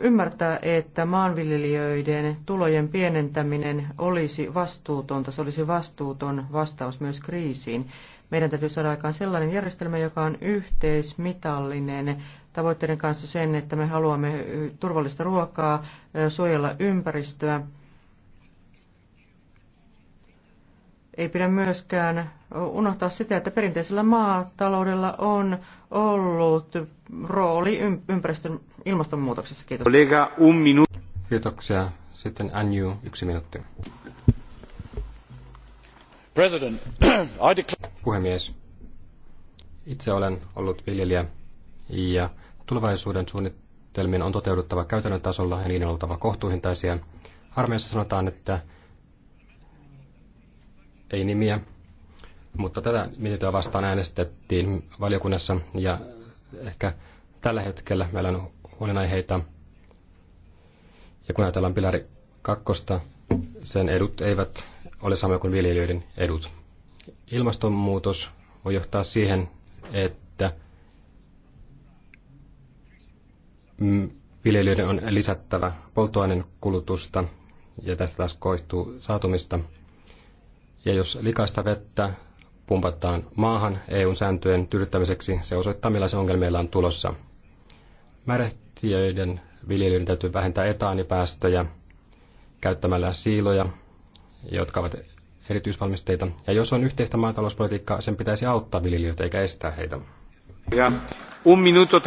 ymmärtää, että maanviljelijöiden tulojen pienentäminen olisi vastuutonta, se olisi vastuuton vastaus myös kriisiin. Meidän täytyy saada aikaan sellainen järjestelmä, joka on yhteismitallinen tavoitteiden kanssa sen, että me haluamme turvallista ruokaa, suojella ympäristöä Ei pidä myöskään unohtaa sitä, että perinteisellä maataloudella on ollut rooli ympäristön ilmastonmuutoksessa. Kiitos. Kollega, un minu... Kiitoksia. Sitten Anju, yksi minuutti. President, I declare... Puhemies, itse olen ollut viljelijä ja tulevaisuuden suunnittelmien on toteuduttava käytännön tasolla ja niin on oltava kohtuuhintaisia. Armeijassa sanotaan, että ei nimiä, mutta tätä mietintöä vastaan äänestettiin valiokunnassa ja ehkä tällä hetkellä meillä on huolenaiheita. Ja kun ajatellaan pilari kakkosta, sen edut eivät ole samoja kuin viljelijöiden edut. Ilmastonmuutos voi johtaa siihen, että mm, viljelijöiden on lisättävä polttoaineen kulutusta ja tästä taas koistuu saatumista – ja jos likaista vettä pumpataan maahan EUn sääntöjen tyydyttämiseksi, se osoittaa millaisia ongelmia meillä on tulossa. Märehtiöiden viljelyiden täytyy vähentää etaanipäästöjä käyttämällä siiloja, jotka ovat erityisvalmisteita. Ja jos on yhteistä maatalouspolitiikkaa, sen pitäisi auttaa viljelijöitä eikä estää heitä. Ja un minuto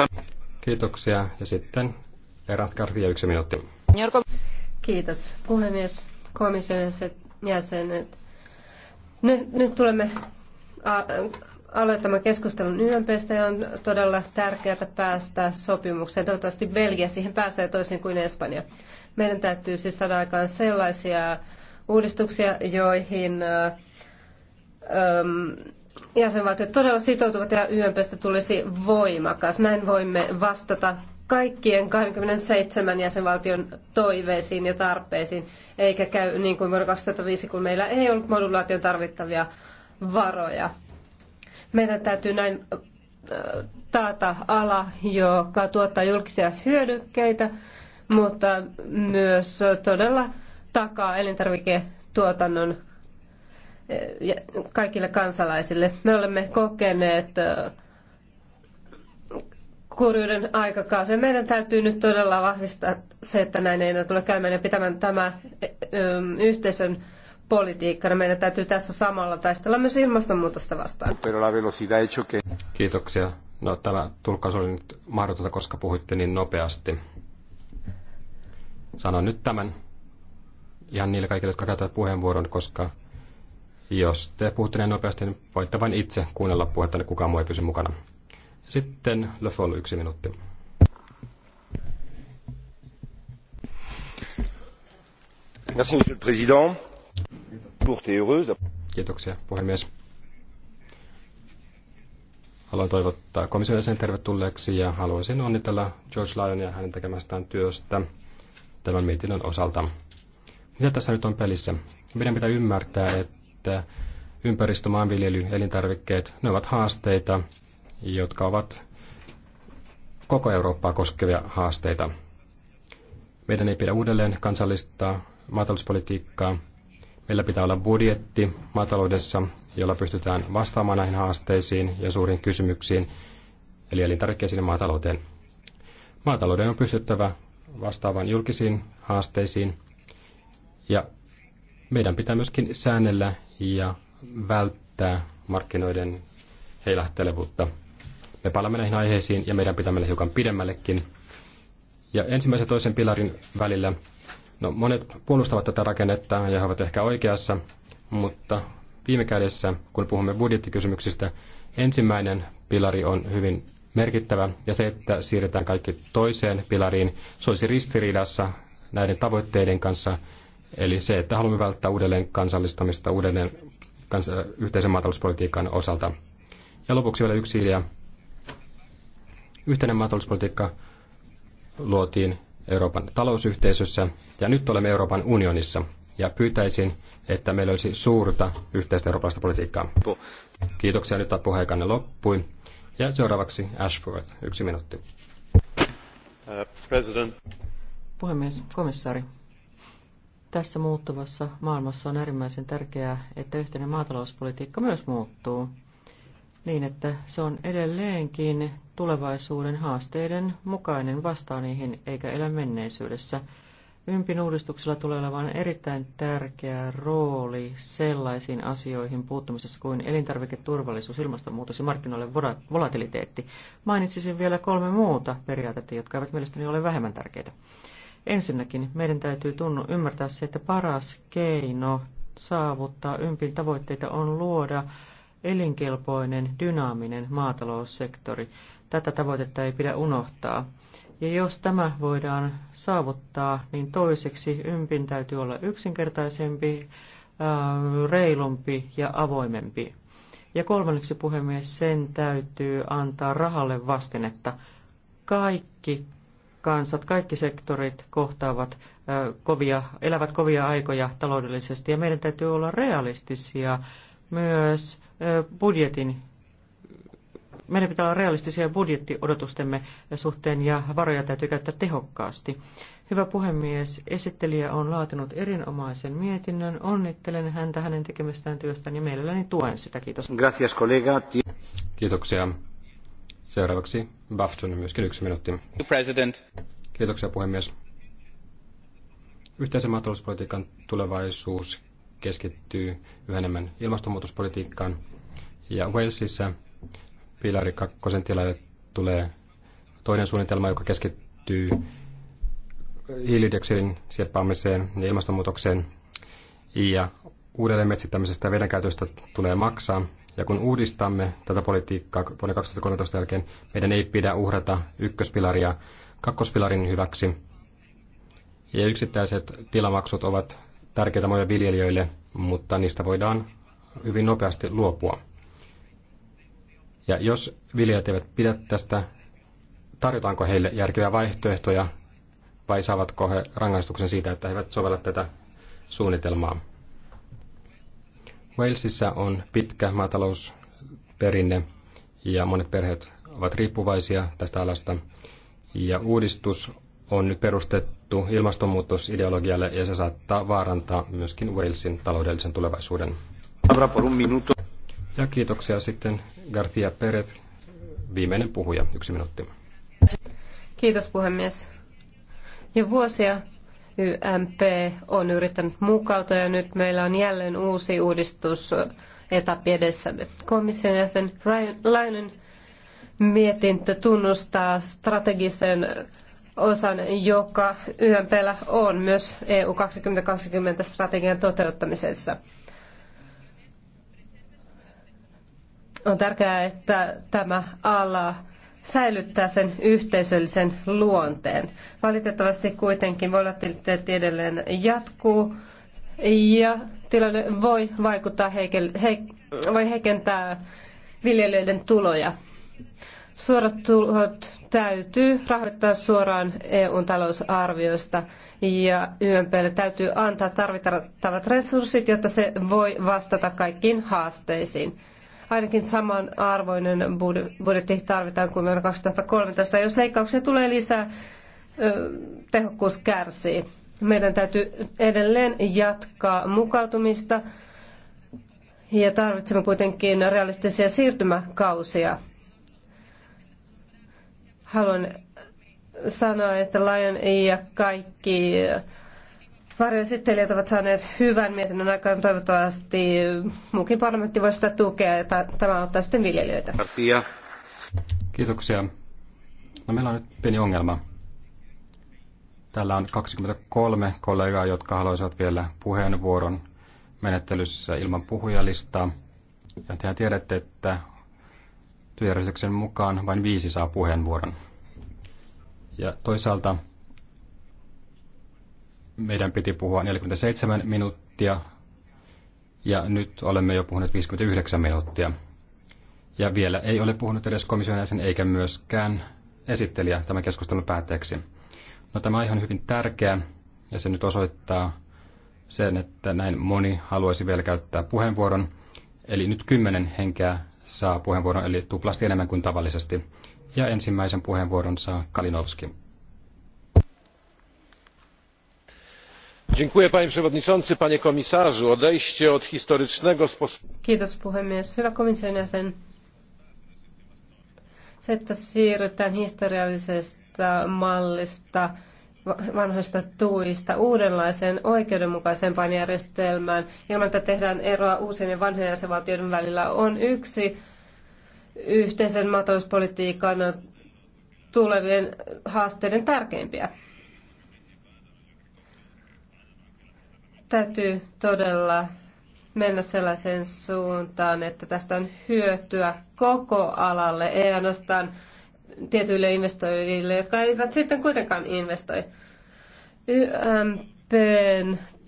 Kiitoksia. Ja sitten erät Karvia yksi minuutti. Kiitos puhemies, komission jäsenet nyt, nyt tulemme aloittamaan keskustelun YMPstä ja on todella tärkeää päästä sopimukseen. Toivottavasti Belgia siihen pääsee toisin kuin Espanja. Meidän täytyy siis saada aikaan sellaisia uudistuksia, joihin jäsenvaltiot todella sitoutuvat ja YMPstä tulisi voimakas. Näin voimme vastata kaikkien 27 jäsenvaltion toiveisiin ja tarpeisiin, eikä käy niin kuin vuonna 2005, kun meillä ei ollut modulaation tarvittavia varoja. Meidän täytyy näin taata ala, joka tuottaa julkisia hyödykkeitä, mutta myös todella takaa elintarviketuotannon kaikille kansalaisille. Me olemme kokeneet kurjuuden aikakausi. Meidän täytyy nyt todella vahvistaa se, että näin ei enää tule käymään ja pitämään tämä ähm, yhteisön politiikkana. Meidän täytyy tässä samalla taistella myös ilmastonmuutosta vastaan. Kiitoksia. No tämä tulkkaus oli nyt mahdotonta, koska puhuitte niin nopeasti. Sanon nyt tämän ihan niille kaikille, jotka käyttävät puheenvuoron, koska jos te puhutte niin nopeasti, niin voitte vain itse kuunnella puhetta, niin kukaan muu ei pysy mukana. Sitten Le Foll, yksi minuutti. Merci, monsieur le président. Courte et heureuse. Kiitoksia, puhemies. Haluan toivottaa komission jäsen tervetulleeksi ja haluaisin onnitella George ja hänen tekemästään työstä tämän mietinnön osalta. Mitä tässä nyt on pelissä? Meidän pitää ymmärtää, että ympäristö, maanviljely, elintarvikkeet, ne ovat haasteita, jotka ovat koko Eurooppaa koskevia haasteita. Meidän ei pidä uudelleen kansallistaa maatalouspolitiikkaa. Meillä pitää olla budjetti maataloudessa, jolla pystytään vastaamaan näihin haasteisiin ja suuriin kysymyksiin, eli elintarvikkeisiin maatalouteen. Maatalouden on pystyttävä vastaamaan julkisiin haasteisiin, ja meidän pitää myöskin säännellä ja välttää markkinoiden heilahtelevuutta. Me palaamme näihin aiheisiin ja meidän pitää mennä hiukan pidemmällekin. Ja ensimmäisen ja toisen pilarin välillä, no monet puolustavat tätä rakennetta ja he ovat ehkä oikeassa, mutta viime kädessä, kun puhumme budjettikysymyksistä, ensimmäinen pilari on hyvin merkittävä ja se, että siirretään kaikki toiseen pilariin, se olisi ristiriidassa näiden tavoitteiden kanssa, eli se, että haluamme välttää uudelleen kansallistamista uudelleen kans- yhteisen maatalouspolitiikan osalta. Ja lopuksi vielä yksi idea. Yhteinen maatalouspolitiikka luotiin Euroopan talousyhteisössä ja nyt olemme Euroopan unionissa ja pyytäisin, että meillä olisi suurta yhteistä eurooppalaista politiikkaa. Kiitoksia, nyt puheenkanne loppui. Ja seuraavaksi Ashford, yksi minuutti. President. Puhemies, komissaari. Tässä muuttuvassa maailmassa on äärimmäisen tärkeää, että yhteinen maatalouspolitiikka myös muuttuu niin, että se on edelleenkin tulevaisuuden haasteiden mukainen vastaa niihin eikä elä menneisyydessä. Ympin uudistuksella tulee olemaan erittäin tärkeä rooli sellaisiin asioihin puuttumisessa kuin elintarviketurvallisuus, ilmastonmuutos ja markkinoille volatiliteetti. Mainitsisin vielä kolme muuta periaatetta, jotka eivät mielestäni ole vähemmän tärkeitä. Ensinnäkin meidän täytyy tunnu, ymmärtää se, että paras keino saavuttaa ympin tavoitteita on luoda elinkelpoinen, dynaaminen maataloussektori. Tätä tavoitetta ei pidä unohtaa. Ja jos tämä voidaan saavuttaa, niin toiseksi ympin täytyy olla yksinkertaisempi, ähm, reilumpi ja avoimempi. Ja kolmanneksi puhemies, sen täytyy antaa rahalle vastinetta. Kaikki kansat, kaikki sektorit kohtaavat äh, kovia, elävät kovia aikoja taloudellisesti ja meidän täytyy olla realistisia myös äh, budjetin meidän pitää olla realistisia budjettiodotustemme suhteen ja varoja täytyy käyttää tehokkaasti. Hyvä puhemies, esittelijä on laatinut erinomaisen mietinnön. Onnittelen häntä hänen tekemästään työstään ja mielelläni tuen sitä. Kiitos. Gracias, kollega. Kiitoksia. Seuraavaksi Bafton myöskin yksi minuutti. President. Kiitoksia puhemies. Yhteisen maatalouspolitiikan tulevaisuus keskittyy yhä enemmän ilmastonmuutospolitiikkaan. Ja Walesissa pilari kakkosen tilalle tulee toinen suunnitelma, joka keskittyy hiilidioksidin sieppaamiseen ja ilmastonmuutokseen. Ja uudelleen metsittämisestä ja vedenkäytöstä tulee maksaa. Ja kun uudistamme tätä politiikkaa vuoden 2013 jälkeen, meidän ei pidä uhrata ykköspilaria kakkospilarin hyväksi. Ja yksittäiset tilamaksut ovat tärkeitä monille viljelijöille, mutta niistä voidaan hyvin nopeasti luopua. Ja jos viljelijät eivät pidä tästä, tarjotaanko heille järkeviä vaihtoehtoja vai saavatko he rangaistuksen siitä, että he eivät sovella tätä suunnitelmaa? Walesissa on pitkä maatalousperinne ja monet perheet ovat riippuvaisia tästä alasta. Ja uudistus on nyt perustettu ilmastonmuutosideologialle ja se saattaa vaarantaa myöskin Walesin taloudellisen tulevaisuuden. Ja kiitoksia sitten Garcia Peret, viimeinen puhuja, yksi minuutti. Kiitos puhemies. Jo vuosia YMP on yrittänyt mukautua ja nyt meillä on jälleen uusi uudistus etappi edessämme. Komission jäsen Lainen mietintö tunnustaa strategisen osan, joka YMPllä on myös EU 2020 strategian toteuttamisessa. On tärkeää, että tämä ala säilyttää sen yhteisöllisen luonteen. Valitettavasti kuitenkin volatiliteetti edelleen jatkuu ja tilanne voi vaikuttaa voi heikentää viljelijöiden tuloja. Suorat tulot täytyy rahoittaa suoraan EUn talousarviosta ja YMPlle täytyy antaa tarvittavat resurssit, jotta se voi vastata kaikkiin haasteisiin ainakin samanarvoinen budjetti tarvitaan kuin vuonna 2013. Jos leikkauksia tulee lisää, tehokkuus kärsii. Meidän täytyy edelleen jatkaa mukautumista ja tarvitsemme kuitenkin realistisia siirtymäkausia. Haluan sanoa, että Lion ja kaikki esittelijät ovat saaneet hyvän mietinnön aikaan. Toivottavasti muukin parlamentti voi sitä tukea ja tämä auttaa sitten viljelijöitä. Kiitoksia. No, meillä on nyt pieni ongelma. Täällä on 23 kollegaa, jotka haluaisivat vielä puheenvuoron menettelyssä ilman puhujalistaa. Ja tehän tiedätte, että työjärjestyksen mukaan vain viisi saa puheenvuoron. Ja toisaalta meidän piti puhua 47 minuuttia ja nyt olemme jo puhuneet 59 minuuttia. Ja vielä ei ole puhunut edes komission jäsen eikä myöskään esittelijä tämän keskustelun päätteeksi. No tämä on ihan hyvin tärkeä ja se nyt osoittaa sen, että näin moni haluaisi vielä käyttää puheenvuoron. Eli nyt kymmenen henkeä saa puheenvuoron, eli tuplasti enemmän kuin tavallisesti. Ja ensimmäisen puheenvuoron saa Kalinovski. panie przewodniczący! panie komisarzu! odejście od historycznego sposobu. hyvä komission jäsen että siirrytään historiallisesta mallista vanhoista tuista uudenlaiseen oikeudenmukaisempaan järjestelmään ilman että tehdään eroa uusien ja vanhojen jäsenvaltioiden välillä on yksi yhteisen maatalouspolitiikan tulevien haasteiden tärkeimpiä. Täytyy todella mennä sellaiseen suuntaan, että tästä on hyötyä koko alalle, ei ainoastaan tietyille investoijille, jotka eivät sitten kuitenkaan investoi. YMP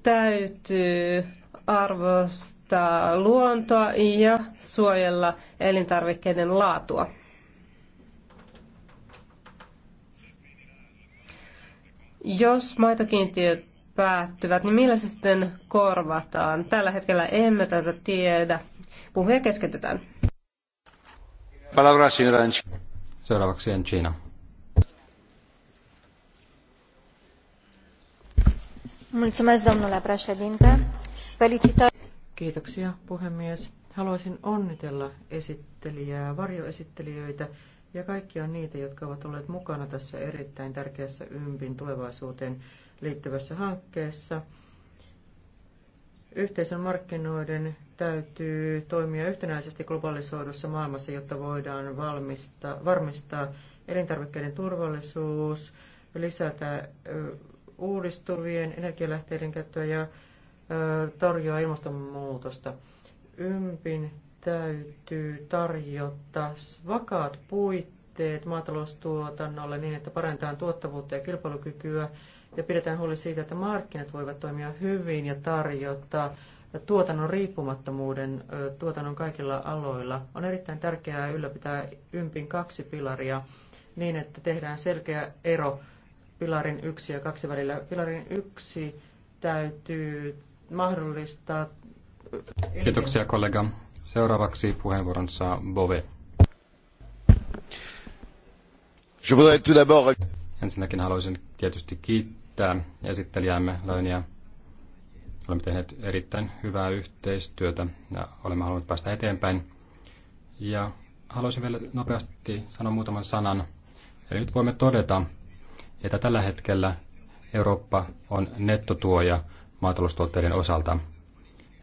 täytyy arvostaa luontoa ja suojella elintarvikkeiden laatua. Jos maitokiintiöt päättyvät, niin millä se sitten korvataan? Tällä hetkellä emme tätä tiedä. Puhuja keskitytään. Seuraavaksi Encina. Mulțumesc, Kiitoksia, puhemies. Haluaisin onnitella esittelijää, varjoesittelijöitä ja kaikkia niitä, jotka ovat olleet mukana tässä erittäin tärkeässä ympin tulevaisuuteen liittyvässä hankkeessa. Yhteisön markkinoiden täytyy toimia yhtenäisesti globalisoidussa maailmassa, jotta voidaan varmistaa elintarvikkeiden turvallisuus, lisätä uudistuvien energialähteiden käyttöä ja torjua ilmastonmuutosta. Ympin täytyy tarjota vakaat puitteet maataloustuotannolle niin, että parantaa tuottavuutta ja kilpailukykyä ja pidetään huoli siitä, että markkinat voivat toimia hyvin ja tarjota tuotannon riippumattomuuden tuotannon kaikilla aloilla. On erittäin tärkeää ylläpitää ympin kaksi pilaria niin, että tehdään selkeä ero pilarin yksi ja kaksi välillä. Pilarin yksi täytyy mahdollistaa... Kiitoksia kollega. Seuraavaksi puheenvuoron saa Bove. Ensinnäkin haluaisin tietysti kiittää kiittää esittelijäämme Lönia. Olemme tehneet erittäin hyvää yhteistyötä ja olemme halunneet päästä eteenpäin. Ja haluaisin vielä nopeasti sanoa muutaman sanan. Eli nyt voimme todeta, että tällä hetkellä Eurooppa on nettotuoja maataloustuotteiden osalta.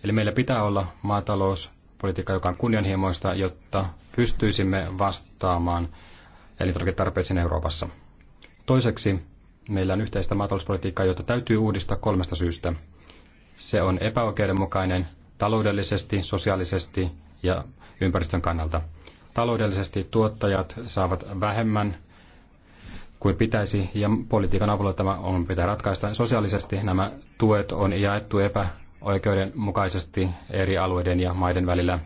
Eli meillä pitää olla maatalouspolitiikka, joka on kunnianhimoista, jotta pystyisimme vastaamaan elintarviketarpeisiin Euroopassa. Toiseksi Meillä on yhteistä maatalouspolitiikkaa, jota täytyy uudistaa kolmesta syystä. Se on epäoikeudenmukainen taloudellisesti, sosiaalisesti ja ympäristön kannalta. Taloudellisesti tuottajat saavat vähemmän kuin pitäisi, ja politiikan avulla tämä on pitää ratkaista. Sosiaalisesti nämä tuet on jaettu epäoikeudenmukaisesti eri alueiden ja maiden välillä.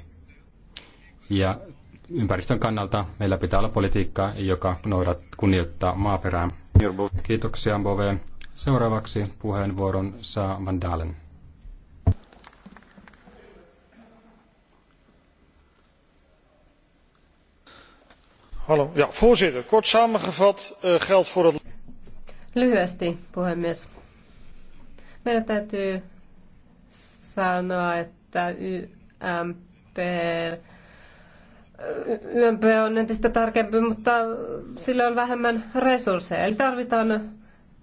Ja ympäristön kannalta meillä pitää olla politiikkaa, joka noudat, kunnioittaa maaperää Kiitoksia Bove. Seuraavaksi puheenvuoron saa Van Dalen. Hallo. Ja, voorzitter, kort samengevat eh, geldt voor het... Lyhyesti, puhemies. Meidän täytyy sanoa, että YMP YMP on entistä tarkempi, mutta sillä on vähemmän resursseja. Eli tarvitaan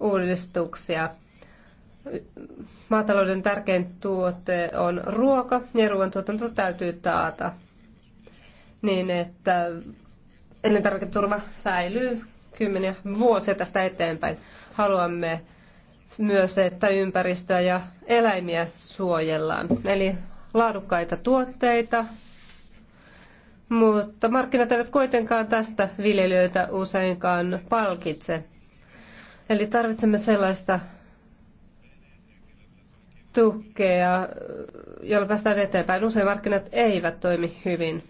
uudistuksia. Maatalouden tärkein tuote on ruoka ja ruoantuotanto täytyy taata niin, että elintarviketurva säilyy kymmeniä vuosia tästä eteenpäin. Haluamme myös, että ympäristöä ja eläimiä suojellaan. Eli laadukkaita tuotteita, mutta markkinat eivät kuitenkaan tästä viljelijöitä useinkaan palkitse. Eli tarvitsemme sellaista tukea, jolla päästään eteenpäin. Usein markkinat eivät toimi hyvin.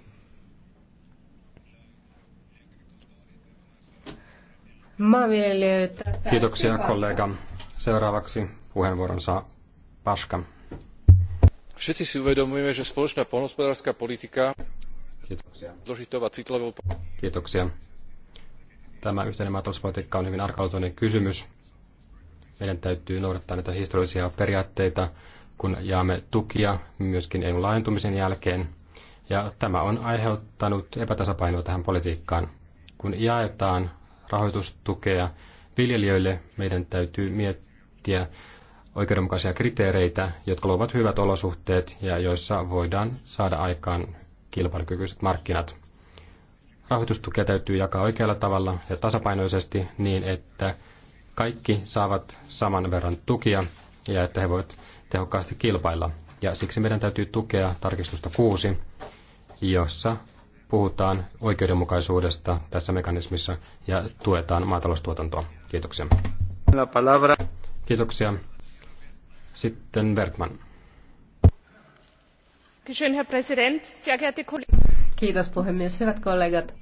Maanviljelijöitä. Kiitoksia kollega. Seuraavaksi puheenvuoron saa Paska. Všetci si uvedomujeme, že spoločná politika Kiitoksia. Kiitoksia. Tämä yhteinen maatalouspolitiikka on hyvin arkaluontoinen kysymys. Meidän täytyy noudattaa näitä historiallisia periaatteita, kun jaamme tukia myöskin EUn laajentumisen jälkeen. Ja tämä on aiheuttanut epätasapainoa tähän politiikkaan. Kun jaetaan rahoitustukea viljelijöille, meidän täytyy miettiä oikeudenmukaisia kriteereitä, jotka luovat hyvät olosuhteet ja joissa voidaan saada aikaan kilpailukykyiset markkinat. Rahoitustukea täytyy jakaa oikealla tavalla ja tasapainoisesti niin, että kaikki saavat saman verran tukia ja että he voivat tehokkaasti kilpailla. Ja siksi meidän täytyy tukea tarkistusta 6, jossa puhutaan oikeudenmukaisuudesta tässä mekanismissa ja tuetaan maataloustuotantoa. Kiitoksia. Kiitoksia. Sitten Bertman. Kiitos puhemies. Hyvät kollegat.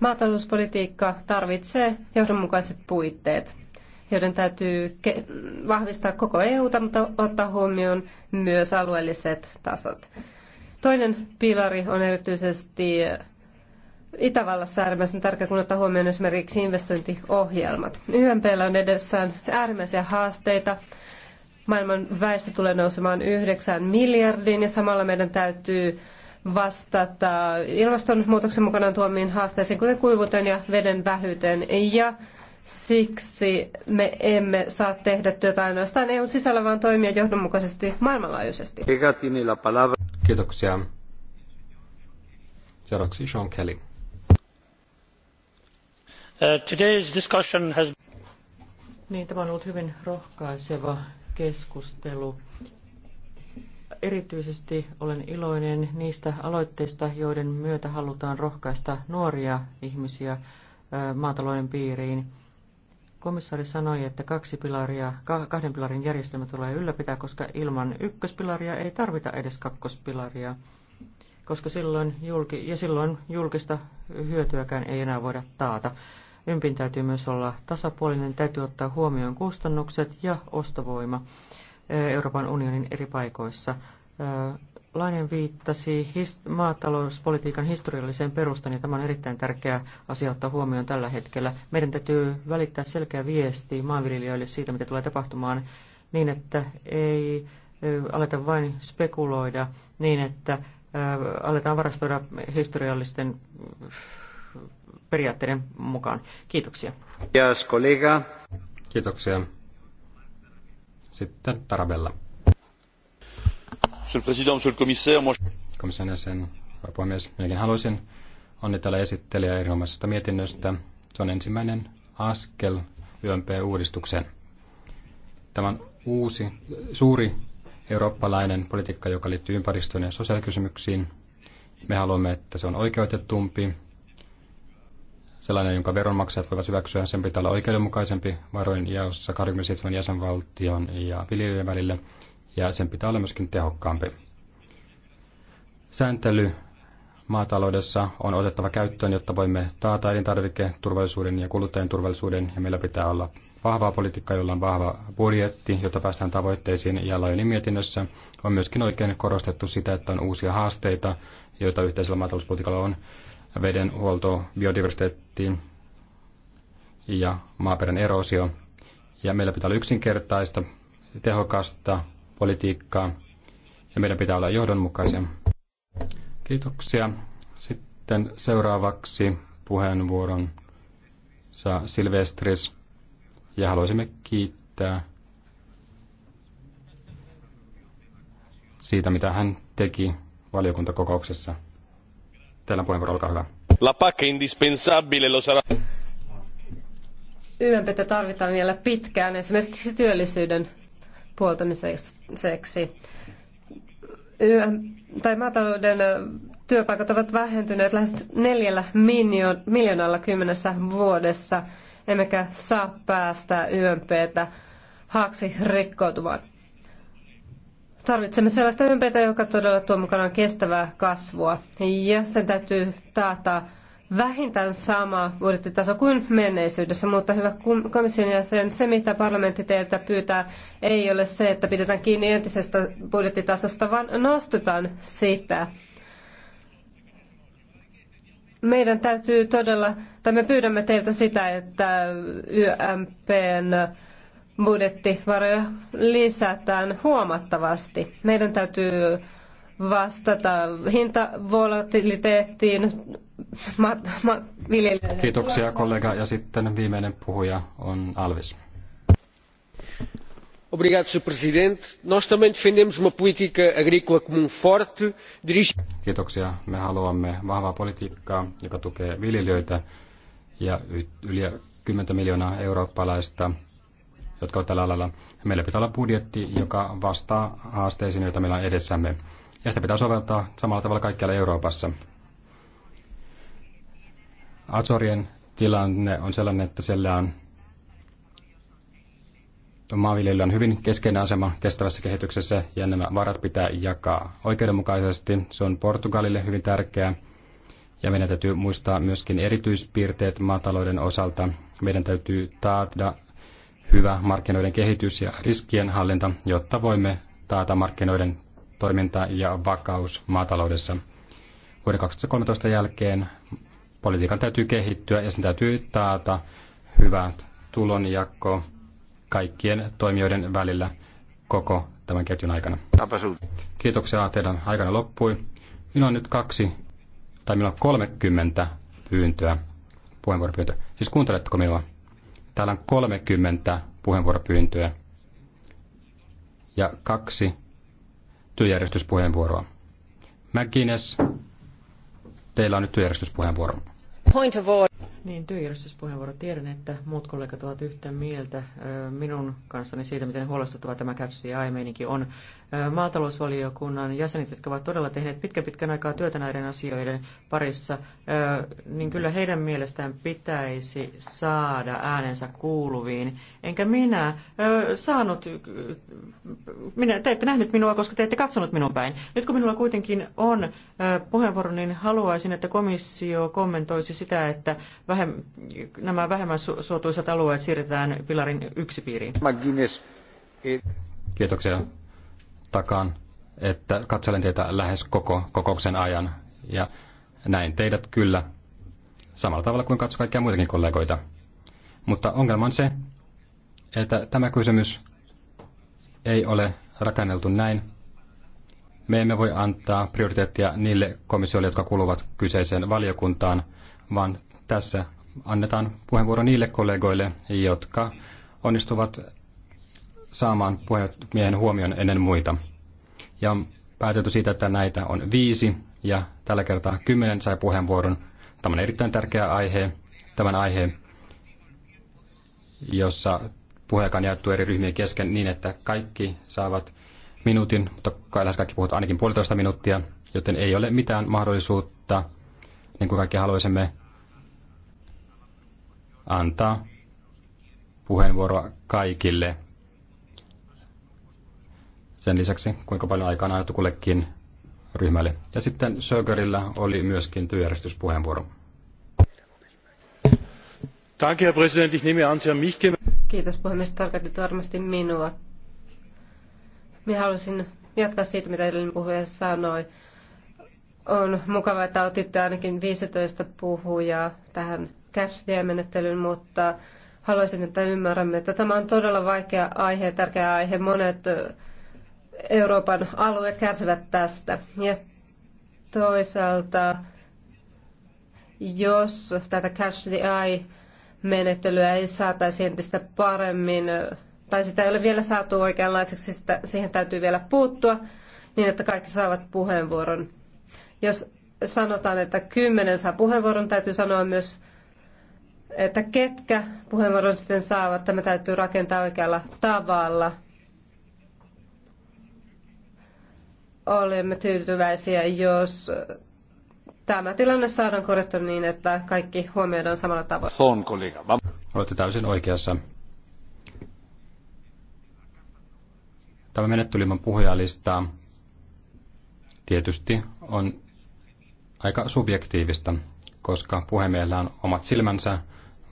Maatalouspolitiikka tarvitsee johdonmukaiset puitteet, joiden täytyy vahvistaa koko EUta, mutta ottaa huomioon myös alueelliset tasot. Toinen pilari on erityisesti Itävallassa äärimmäisen tärkeä kun ottaa huomioon esimerkiksi investointiohjelmat. YMPllä on edessään äärimmäisiä haasteita, Maailman väestö tulee nousemaan yhdeksään miljardiin ja samalla meidän täytyy vastata ilmastonmuutoksen mukanaan tuomiin haasteisiin, kuten kuivuuteen ja veden vähyyteen. Ja siksi me emme saa tehdä työtä ainoastaan EUn sisällä, vaan toimia johdonmukaisesti maailmanlaajuisesti. Kiitoksia. Seuraavaksi Sean Kelly. Uh, today's discussion has... Niin, tämä on ollut hyvin rohkaiseva keskustelu. Erityisesti olen iloinen niistä aloitteista, joiden myötä halutaan rohkaista nuoria ihmisiä maatalouden piiriin. Komissaari sanoi, että kaksi pilaria, kahden pilarin järjestelmä tulee ylläpitää, koska ilman ykköspilaria ei tarvita edes kakkospilaria, koska silloin, julki, ja silloin julkista hyötyäkään ei enää voida taata. Ympin täytyy myös olla tasapuolinen, täytyy ottaa huomioon kustannukset ja ostovoima Euroopan unionin eri paikoissa. Lainen viittasi hist- maatalouspolitiikan historialliseen perustaan, ja tämä on erittäin tärkeä asia ottaa huomioon tällä hetkellä. Meidän täytyy välittää selkeä viesti maanviljelijöille siitä, mitä tulee tapahtumaan, niin että ei aleta vain spekuloida, niin että aletaan varastoida historiallisten periaatteiden mukaan. Kiitoksia. Kiitos, kollega. Kiitoksia. Sitten Tarabella. Monsieur le Président, Monsieur le Commissaire, moi... Komission jäsen, puhemies, minäkin haluaisin onnitella esittelijä erinomaisesta mietinnöstä. Se on ensimmäinen askel YMP-uudistukseen. Tämä on uusi, suuri eurooppalainen politiikka, joka liittyy ympäristöön ja sosiaalikysymyksiin. Me haluamme, että se on oikeutetumpi, sellainen, jonka veronmaksajat voivat hyväksyä. Sen pitää olla oikeudenmukaisempi varoin jaossa 27 jäsenvaltion ja viljelijöiden välille, ja sen pitää olla myöskin tehokkaampi. Sääntely maataloudessa on otettava käyttöön, jotta voimme taata elintarviketurvallisuuden ja kuluttajien turvallisuuden, ja meillä pitää olla vahvaa politiikkaa, jolla on vahva budjetti, jota päästään tavoitteisiin, ja Lajonin mietinnössä on myöskin oikein korostettu sitä, että on uusia haasteita, joita yhteisellä maatalouspolitiikalla on, vedenhuolto, biodiversiteetti ja maaperän erosio. Ja meillä pitää olla yksinkertaista, tehokasta politiikkaa ja meidän pitää olla johdonmukaisia. Kiitoksia. Sitten seuraavaksi puheenvuoron saa Silvestris ja haluaisimme kiittää siitä, mitä hän teki valiokuntakokouksessa. Teillä puheenvuoro, olkaa hyvä. La pacca indispensabile lo sarà. YMPtä tarvitaan vielä pitkään esimerkiksi työllisyyden puoltamiseksi. YM, tai maatalouden työpaikat ovat vähentyneet lähes neljällä miljoonalla kymmenessä vuodessa, emmekä saa päästä YMPtä haaksi rikkoutumaan. Tarvitsemme sellaista ympäristöä, joka todella tuo mukanaan kestävää kasvua. Ja sen täytyy taata vähintään sama budjettitaso kuin menneisyydessä, mutta hyvä komission jäsen, se mitä parlamentti teiltä pyytää ei ole se, että pidetään kiinni entisestä budjettitasosta, vaan nostetaan sitä. Meidän täytyy todella, tai me pyydämme teiltä sitä, että YMPn budjettivaroja lisätään huomattavasti. Meidän täytyy vastata hintavolatiliteettiin ma- ma- Kiitoksia kollega ja sitten viimeinen puhuja on Alvis. Obrigado, Sr. Presidente. Nós também defendemos uma política agrícola comum forte. Kiitoksia. Me haluamme vahvaa politiikkaa, joka tukee viljelijöitä ja yli 10 miljoonaa eurooppalaista jotka ovat tällä alalla. Meillä pitää olla budjetti, joka vastaa haasteisiin, joita meillä on edessämme. Ja sitä pitää soveltaa samalla tavalla kaikkialla Euroopassa. Azorien tilanne on sellainen, että siellä on maanviljelijöillä on hyvin keskeinen asema kestävässä kehityksessä ja nämä varat pitää jakaa oikeudenmukaisesti. Se on Portugalille hyvin tärkeää. Ja meidän täytyy muistaa myöskin erityispiirteet maatalouden osalta. Meidän täytyy taata hyvä markkinoiden kehitys ja riskien hallinta, jotta voimme taata markkinoiden toiminta ja vakaus maataloudessa. Vuoden 2013 jälkeen politiikan täytyy kehittyä ja sen täytyy taata hyvä tulonjako kaikkien toimijoiden välillä koko tämän ketjun aikana. Kiitoksia teidän aikana loppui. Minulla on nyt kaksi, tai minulla on 30 pyyntöä, puheenvuoropyyntöä. Siis kuunteletteko minua? Täällä on 30 puheenvuoropyyntöä ja kaksi työjärjestyspuheenvuoroa. McGuinness, teillä on nyt työjärjestyspuheenvuoro. Point of order. Niin, työjärjestyspuheenvuoro. Tiedän, että muut kollegat ovat yhtä mieltä minun kanssani siitä, miten huolestuttava tämä CAPSI-meininki on maatalousvaliokunnan jäsenet, jotka ovat todella tehneet pitkä pitkän aikaa työtä näiden asioiden parissa, niin kyllä heidän mielestään pitäisi saada äänensä kuuluviin. Enkä minä saanut, minä, te ette nähnyt minua, koska te ette katsonut minun päin. Nyt kun minulla kuitenkin on puheenvuoro, niin haluaisin, että komissio kommentoisi sitä, että vähem, nämä vähemmän suotuisat alueet siirretään pilarin yksi piiriin. Kiitoksia. Takan, että katselen teitä lähes koko kokouksen ajan ja näin teidät kyllä samalla tavalla kuin katso kaikkia muitakin kollegoita. Mutta ongelma on se, että tämä kysymys ei ole rakenneltu näin. Me emme voi antaa prioriteettia niille komissioille, jotka kuuluvat kyseiseen valiokuntaan, vaan tässä annetaan puheenvuoro niille kollegoille, jotka onnistuvat saamaan puhemiehen huomion ennen muita. Ja on päätetty siitä, että näitä on viisi ja tällä kertaa kymmenen sai puheenvuoron. Tämä on erittäin tärkeä aihe, tämän aiheen, jossa puheenjohtaja jaettu eri ryhmien kesken niin, että kaikki saavat minuutin, mutta lähes kaikki puhut ainakin puolitoista minuuttia, joten ei ole mitään mahdollisuutta, niin kuin kaikki haluaisimme, antaa puheenvuoroa kaikille sen lisäksi kuinka paljon aikaa on annettu kullekin ryhmälle. Ja sitten Sögerillä oli myöskin työjärjestyspuheenvuoro. Danke, Herr Präsident. Ich nehme an, Sie haben mich Kiitos puhemies, tarkoitit varmasti minua. Minä haluaisin jatkaa siitä, mitä edellinen puhuja sanoi. On mukavaa, että otitte ainakin 15 puhujaa tähän käsitiemenettelyyn, mutta haluaisin, että ymmärrämme, että tämä on todella vaikea aihe, tärkeä aihe. Monet Euroopan alue kärsivät tästä. Ja toisaalta, jos tätä Cash the Eye-menettelyä ei saataisi entistä paremmin, tai sitä ei ole vielä saatu oikeanlaiseksi, sitä, siihen täytyy vielä puuttua, niin että kaikki saavat puheenvuoron. Jos sanotaan, että kymmenen saa puheenvuoron, täytyy sanoa myös, että ketkä puheenvuoron sitten saavat. Tämä täytyy rakentaa oikealla tavalla – olemme tyytyväisiä, jos tämä tilanne saadaan korjattua niin, että kaikki huomioidaan samalla tavalla. Son kollega. Olette täysin oikeassa. Tämä menettelymän puhujalista tietysti on aika subjektiivista, koska puhemiehellä on omat silmänsä,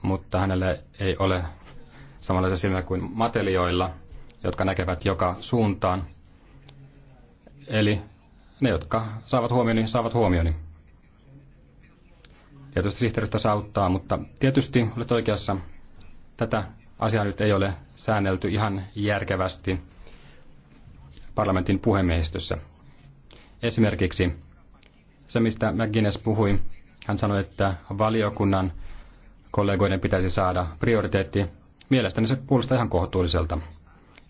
mutta hänellä ei ole samanlaisia silmiä kuin matelijoilla, jotka näkevät joka suuntaan. Eli ne, jotka saavat huomioni, saavat huomioni. Tietysti sihteeristö saa auttaa, mutta tietysti olet oikeassa. Tätä asiaa nyt ei ole säännelty ihan järkevästi parlamentin puhemiehistössä. Esimerkiksi se, mistä McGuinness puhui, hän sanoi, että valiokunnan kollegoiden pitäisi saada prioriteetti. Mielestäni se kuulostaa ihan kohtuulliselta.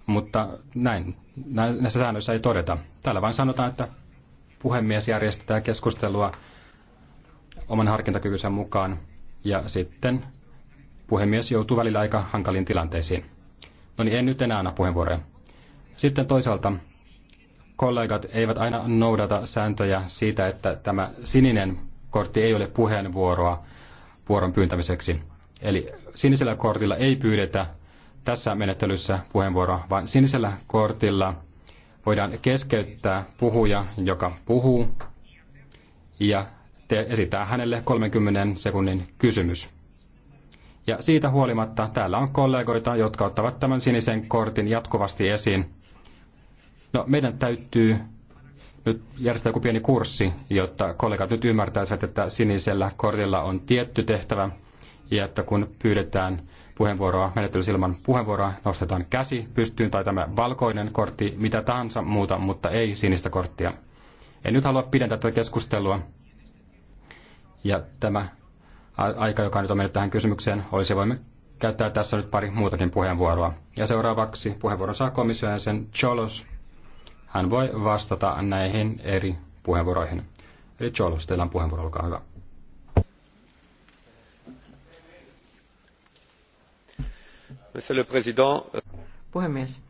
Mutta näin näissä säännöissä ei todeta. Täällä vain sanotaan, että puhemies järjestetään keskustelua oman harkintakykynsä mukaan ja sitten puhemies joutuu välillä aika hankaliin tilanteisiin. No niin, en nyt enää anna puheenvuoroja. Sitten toisaalta kollegat eivät aina noudata sääntöjä siitä, että tämä sininen kortti ei ole puheenvuoroa vuoron pyyntämiseksi. Eli sinisellä kortilla ei pyydetä tässä menettelyssä puheenvuoro, vaan sinisellä kortilla voidaan keskeyttää puhuja, joka puhuu, ja te esittää hänelle 30 sekunnin kysymys. Ja siitä huolimatta täällä on kollegoita, jotka ottavat tämän sinisen kortin jatkuvasti esiin. No, meidän täytyy nyt järjestää joku pieni kurssi, jotta kollegat nyt ymmärtäisivät, että sinisellä kortilla on tietty tehtävä ja että kun pyydetään puheenvuoroa, menettelys ilman puheenvuoroa, nostetaan käsi pystyyn tai tämä valkoinen kortti, mitä tahansa muuta, mutta ei sinistä korttia. En nyt halua pidentää tätä tuota keskustelua. Ja tämä aika, joka nyt on mennyt tähän kysymykseen, olisi voimme käyttää tässä nyt pari muutakin puheenvuoroa. Ja seuraavaksi puheenvuoron saa komission sen Cholos. Hän voi vastata näihin eri puheenvuoroihin. Eli Cholos, teillä on puheenvuoro, olkaa hyvä. Monsieur le Président. Euh, Puhemies.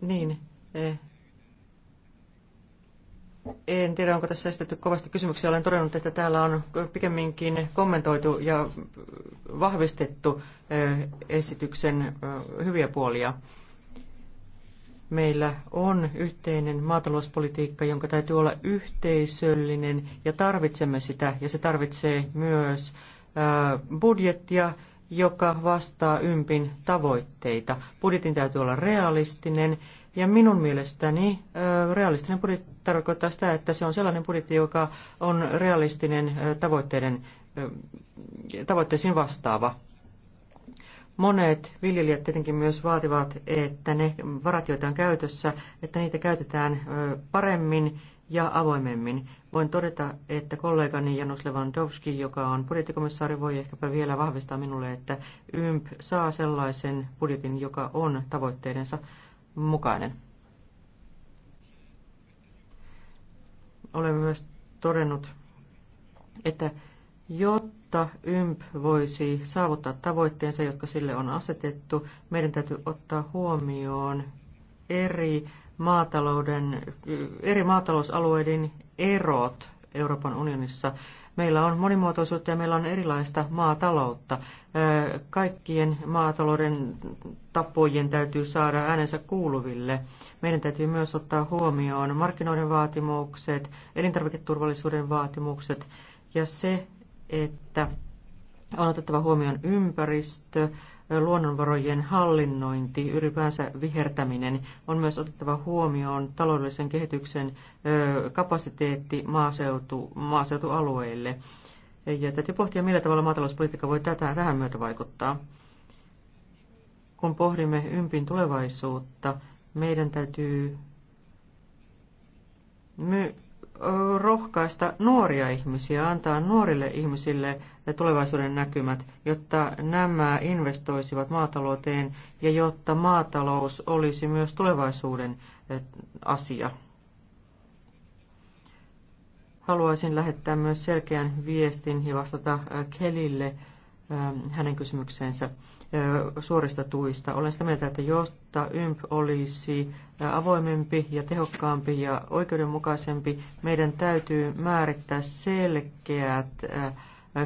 Niin. Eh, en tiedä, onko tässä esitetty kovasti kysymyksiä. Olen todennut, että täällä on pikemminkin kommentoitu ja vahvistettu eh, esityksen eh, hyviä puolia meillä on yhteinen maatalouspolitiikka, jonka täytyy olla yhteisöllinen ja tarvitsemme sitä ja se tarvitsee myös budjettia, joka vastaa ympin tavoitteita. Budjetin täytyy olla realistinen ja minun mielestäni realistinen budjetti tarkoittaa sitä, että se on sellainen budjetti, joka on realistinen tavoitteiden, tavoitteisiin vastaava. Monet viljelijät tietenkin myös vaativat, että ne varat, joita on käytössä, että niitä käytetään paremmin ja avoimemmin. Voin todeta, että kollegani Janus Lewandowski, joka on budjettikomissaari, voi ehkäpä vielä vahvistaa minulle, että YMP saa sellaisen budjetin, joka on tavoitteidensa mukainen. Olemme myös todennut, että jotta Jotta YMP voisi saavuttaa tavoitteensa, jotka sille on asetettu, meidän täytyy ottaa huomioon eri, maatalouden, eri maatalousalueiden erot Euroopan unionissa. Meillä on monimuotoisuutta ja meillä on erilaista maataloutta. Kaikkien maatalouden tapojen täytyy saada äänensä kuuluville. Meidän täytyy myös ottaa huomioon markkinoiden vaatimukset, elintarviketurvallisuuden vaatimukset ja se, että on otettava huomioon ympäristö, luonnonvarojen hallinnointi, ylipäänsä vihertäminen. On myös otettava huomioon taloudellisen kehityksen kapasiteetti maaseutu, maaseutualueille. Ja täytyy pohtia, millä tavalla maatalouspolitiikka voi tätä, tähän myötä vaikuttaa. Kun pohdimme ympin tulevaisuutta, meidän täytyy my- rohkaista nuoria ihmisiä, antaa nuorille ihmisille tulevaisuuden näkymät, jotta nämä investoisivat maatalouteen ja jotta maatalous olisi myös tulevaisuuden asia. Haluaisin lähettää myös selkeän viestin ja vastata Kelille hänen kysymykseensä suorista tuista. Olen sitä mieltä, että jotta YMP olisi avoimempi ja tehokkaampi ja oikeudenmukaisempi, meidän täytyy määrittää selkeät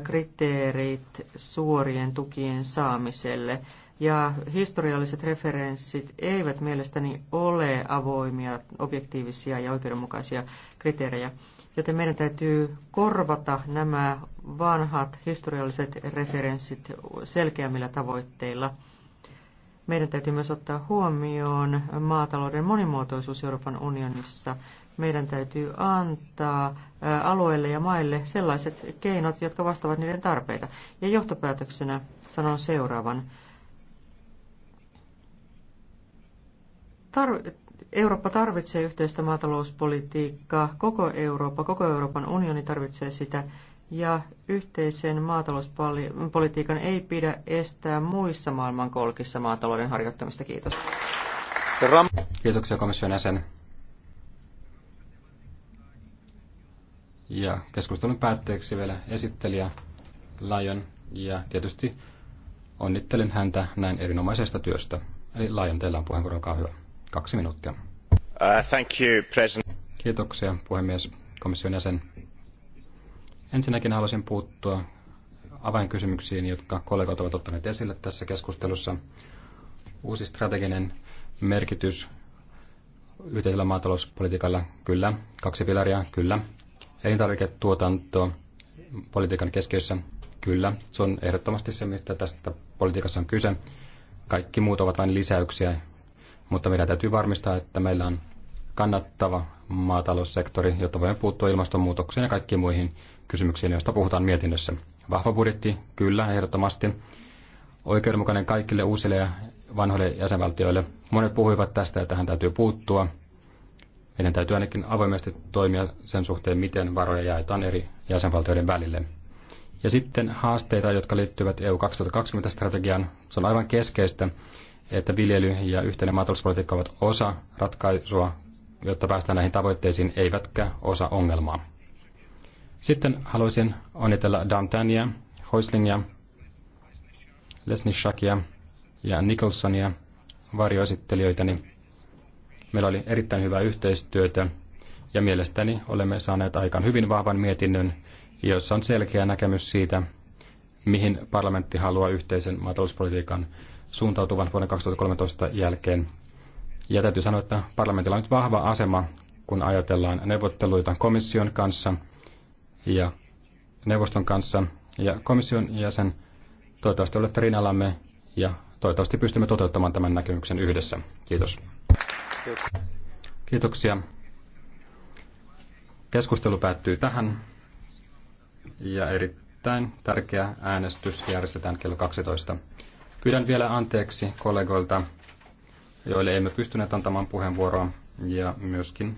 kriteerit suorien tukien saamiselle. Ja historialliset referenssit eivät mielestäni ole avoimia, objektiivisia ja oikeudenmukaisia kriteerejä, joten meidän täytyy korvata nämä vanhat historialliset referenssit selkeämmillä tavoitteilla. Meidän täytyy myös ottaa huomioon maatalouden monimuotoisuus Euroopan unionissa. Meidän täytyy antaa alueille ja maille sellaiset keinot, jotka vastaavat niiden tarpeita. Ja johtopäätöksenä sanon seuraavan. Tar- Eurooppa tarvitsee yhteistä maatalouspolitiikkaa, koko Eurooppa, koko Euroopan unioni tarvitsee sitä, ja yhteisen maatalouspolitiikan ei pidä estää muissa maailmankolkissa maatalouden harjoittamista. Kiitos. Kiitoksia komission jäsen. Ja keskustelun päätteeksi vielä esittelijä Lion ja tietysti onnittelen häntä näin erinomaisesta työstä. Eli Lion, teillä on puheenvuoro, olkaa hyvä. Kaksi minuuttia. Uh, thank you, president. Kiitoksia, puhemies, komission jäsen. Ensinnäkin haluaisin puuttua avainkysymyksiin, jotka kollegat ovat ottaneet esille tässä keskustelussa. Uusi strateginen merkitys yhteisellä maatalouspolitiikalla, kyllä. Kaksi pilaria, kyllä. Elintarviketuotanto politiikan keskiössä, kyllä. Se on ehdottomasti se, mistä tästä politiikassa on kyse. Kaikki muut ovat vain lisäyksiä, mutta meidän täytyy varmistaa, että meillä on kannattava maataloussektori, jotta voimme puuttua ilmastonmuutokseen ja kaikkiin muihin kysymyksiin, joista puhutaan mietinnössä. Vahva budjetti, kyllä, ehdottomasti. Oikeudenmukainen kaikille uusille ja vanhoille jäsenvaltioille. Monet puhuivat tästä, että tähän täytyy puuttua. Meidän täytyy ainakin avoimesti toimia sen suhteen, miten varoja jaetaan eri jäsenvaltioiden välille. Ja sitten haasteita, jotka liittyvät EU 2020-strategiaan. Se on aivan keskeistä, että viljely ja yhteinen maatalouspolitiikka ovat osa ratkaisua jotta päästään näihin tavoitteisiin, eivätkä osa ongelmaa. Sitten haluaisin onnitella Dantania, Hoislingia, Lesnishakia ja Nicholsonia varjoesittelijöitäni. Meillä oli erittäin hyvää yhteistyötä ja mielestäni olemme saaneet aikaan hyvin vahvan mietinnön, jossa on selkeä näkemys siitä, mihin parlamentti haluaa yhteisen maatalouspolitiikan suuntautuvan vuoden 2013 jälkeen ja täytyy sanoa, että parlamentilla on nyt vahva asema, kun ajatellaan neuvotteluita komission kanssa ja neuvoston kanssa. Ja komission jäsen, toivottavasti olette rinnallamme ja toivottavasti pystymme toteuttamaan tämän näkemyksen yhdessä. Kiitos. Kiitoksia. Keskustelu päättyy tähän ja erittäin tärkeä äänestys järjestetään kello 12. Pyydän vielä anteeksi kollegoilta joille emme pystyneet antamaan puheenvuoroa, ja myöskin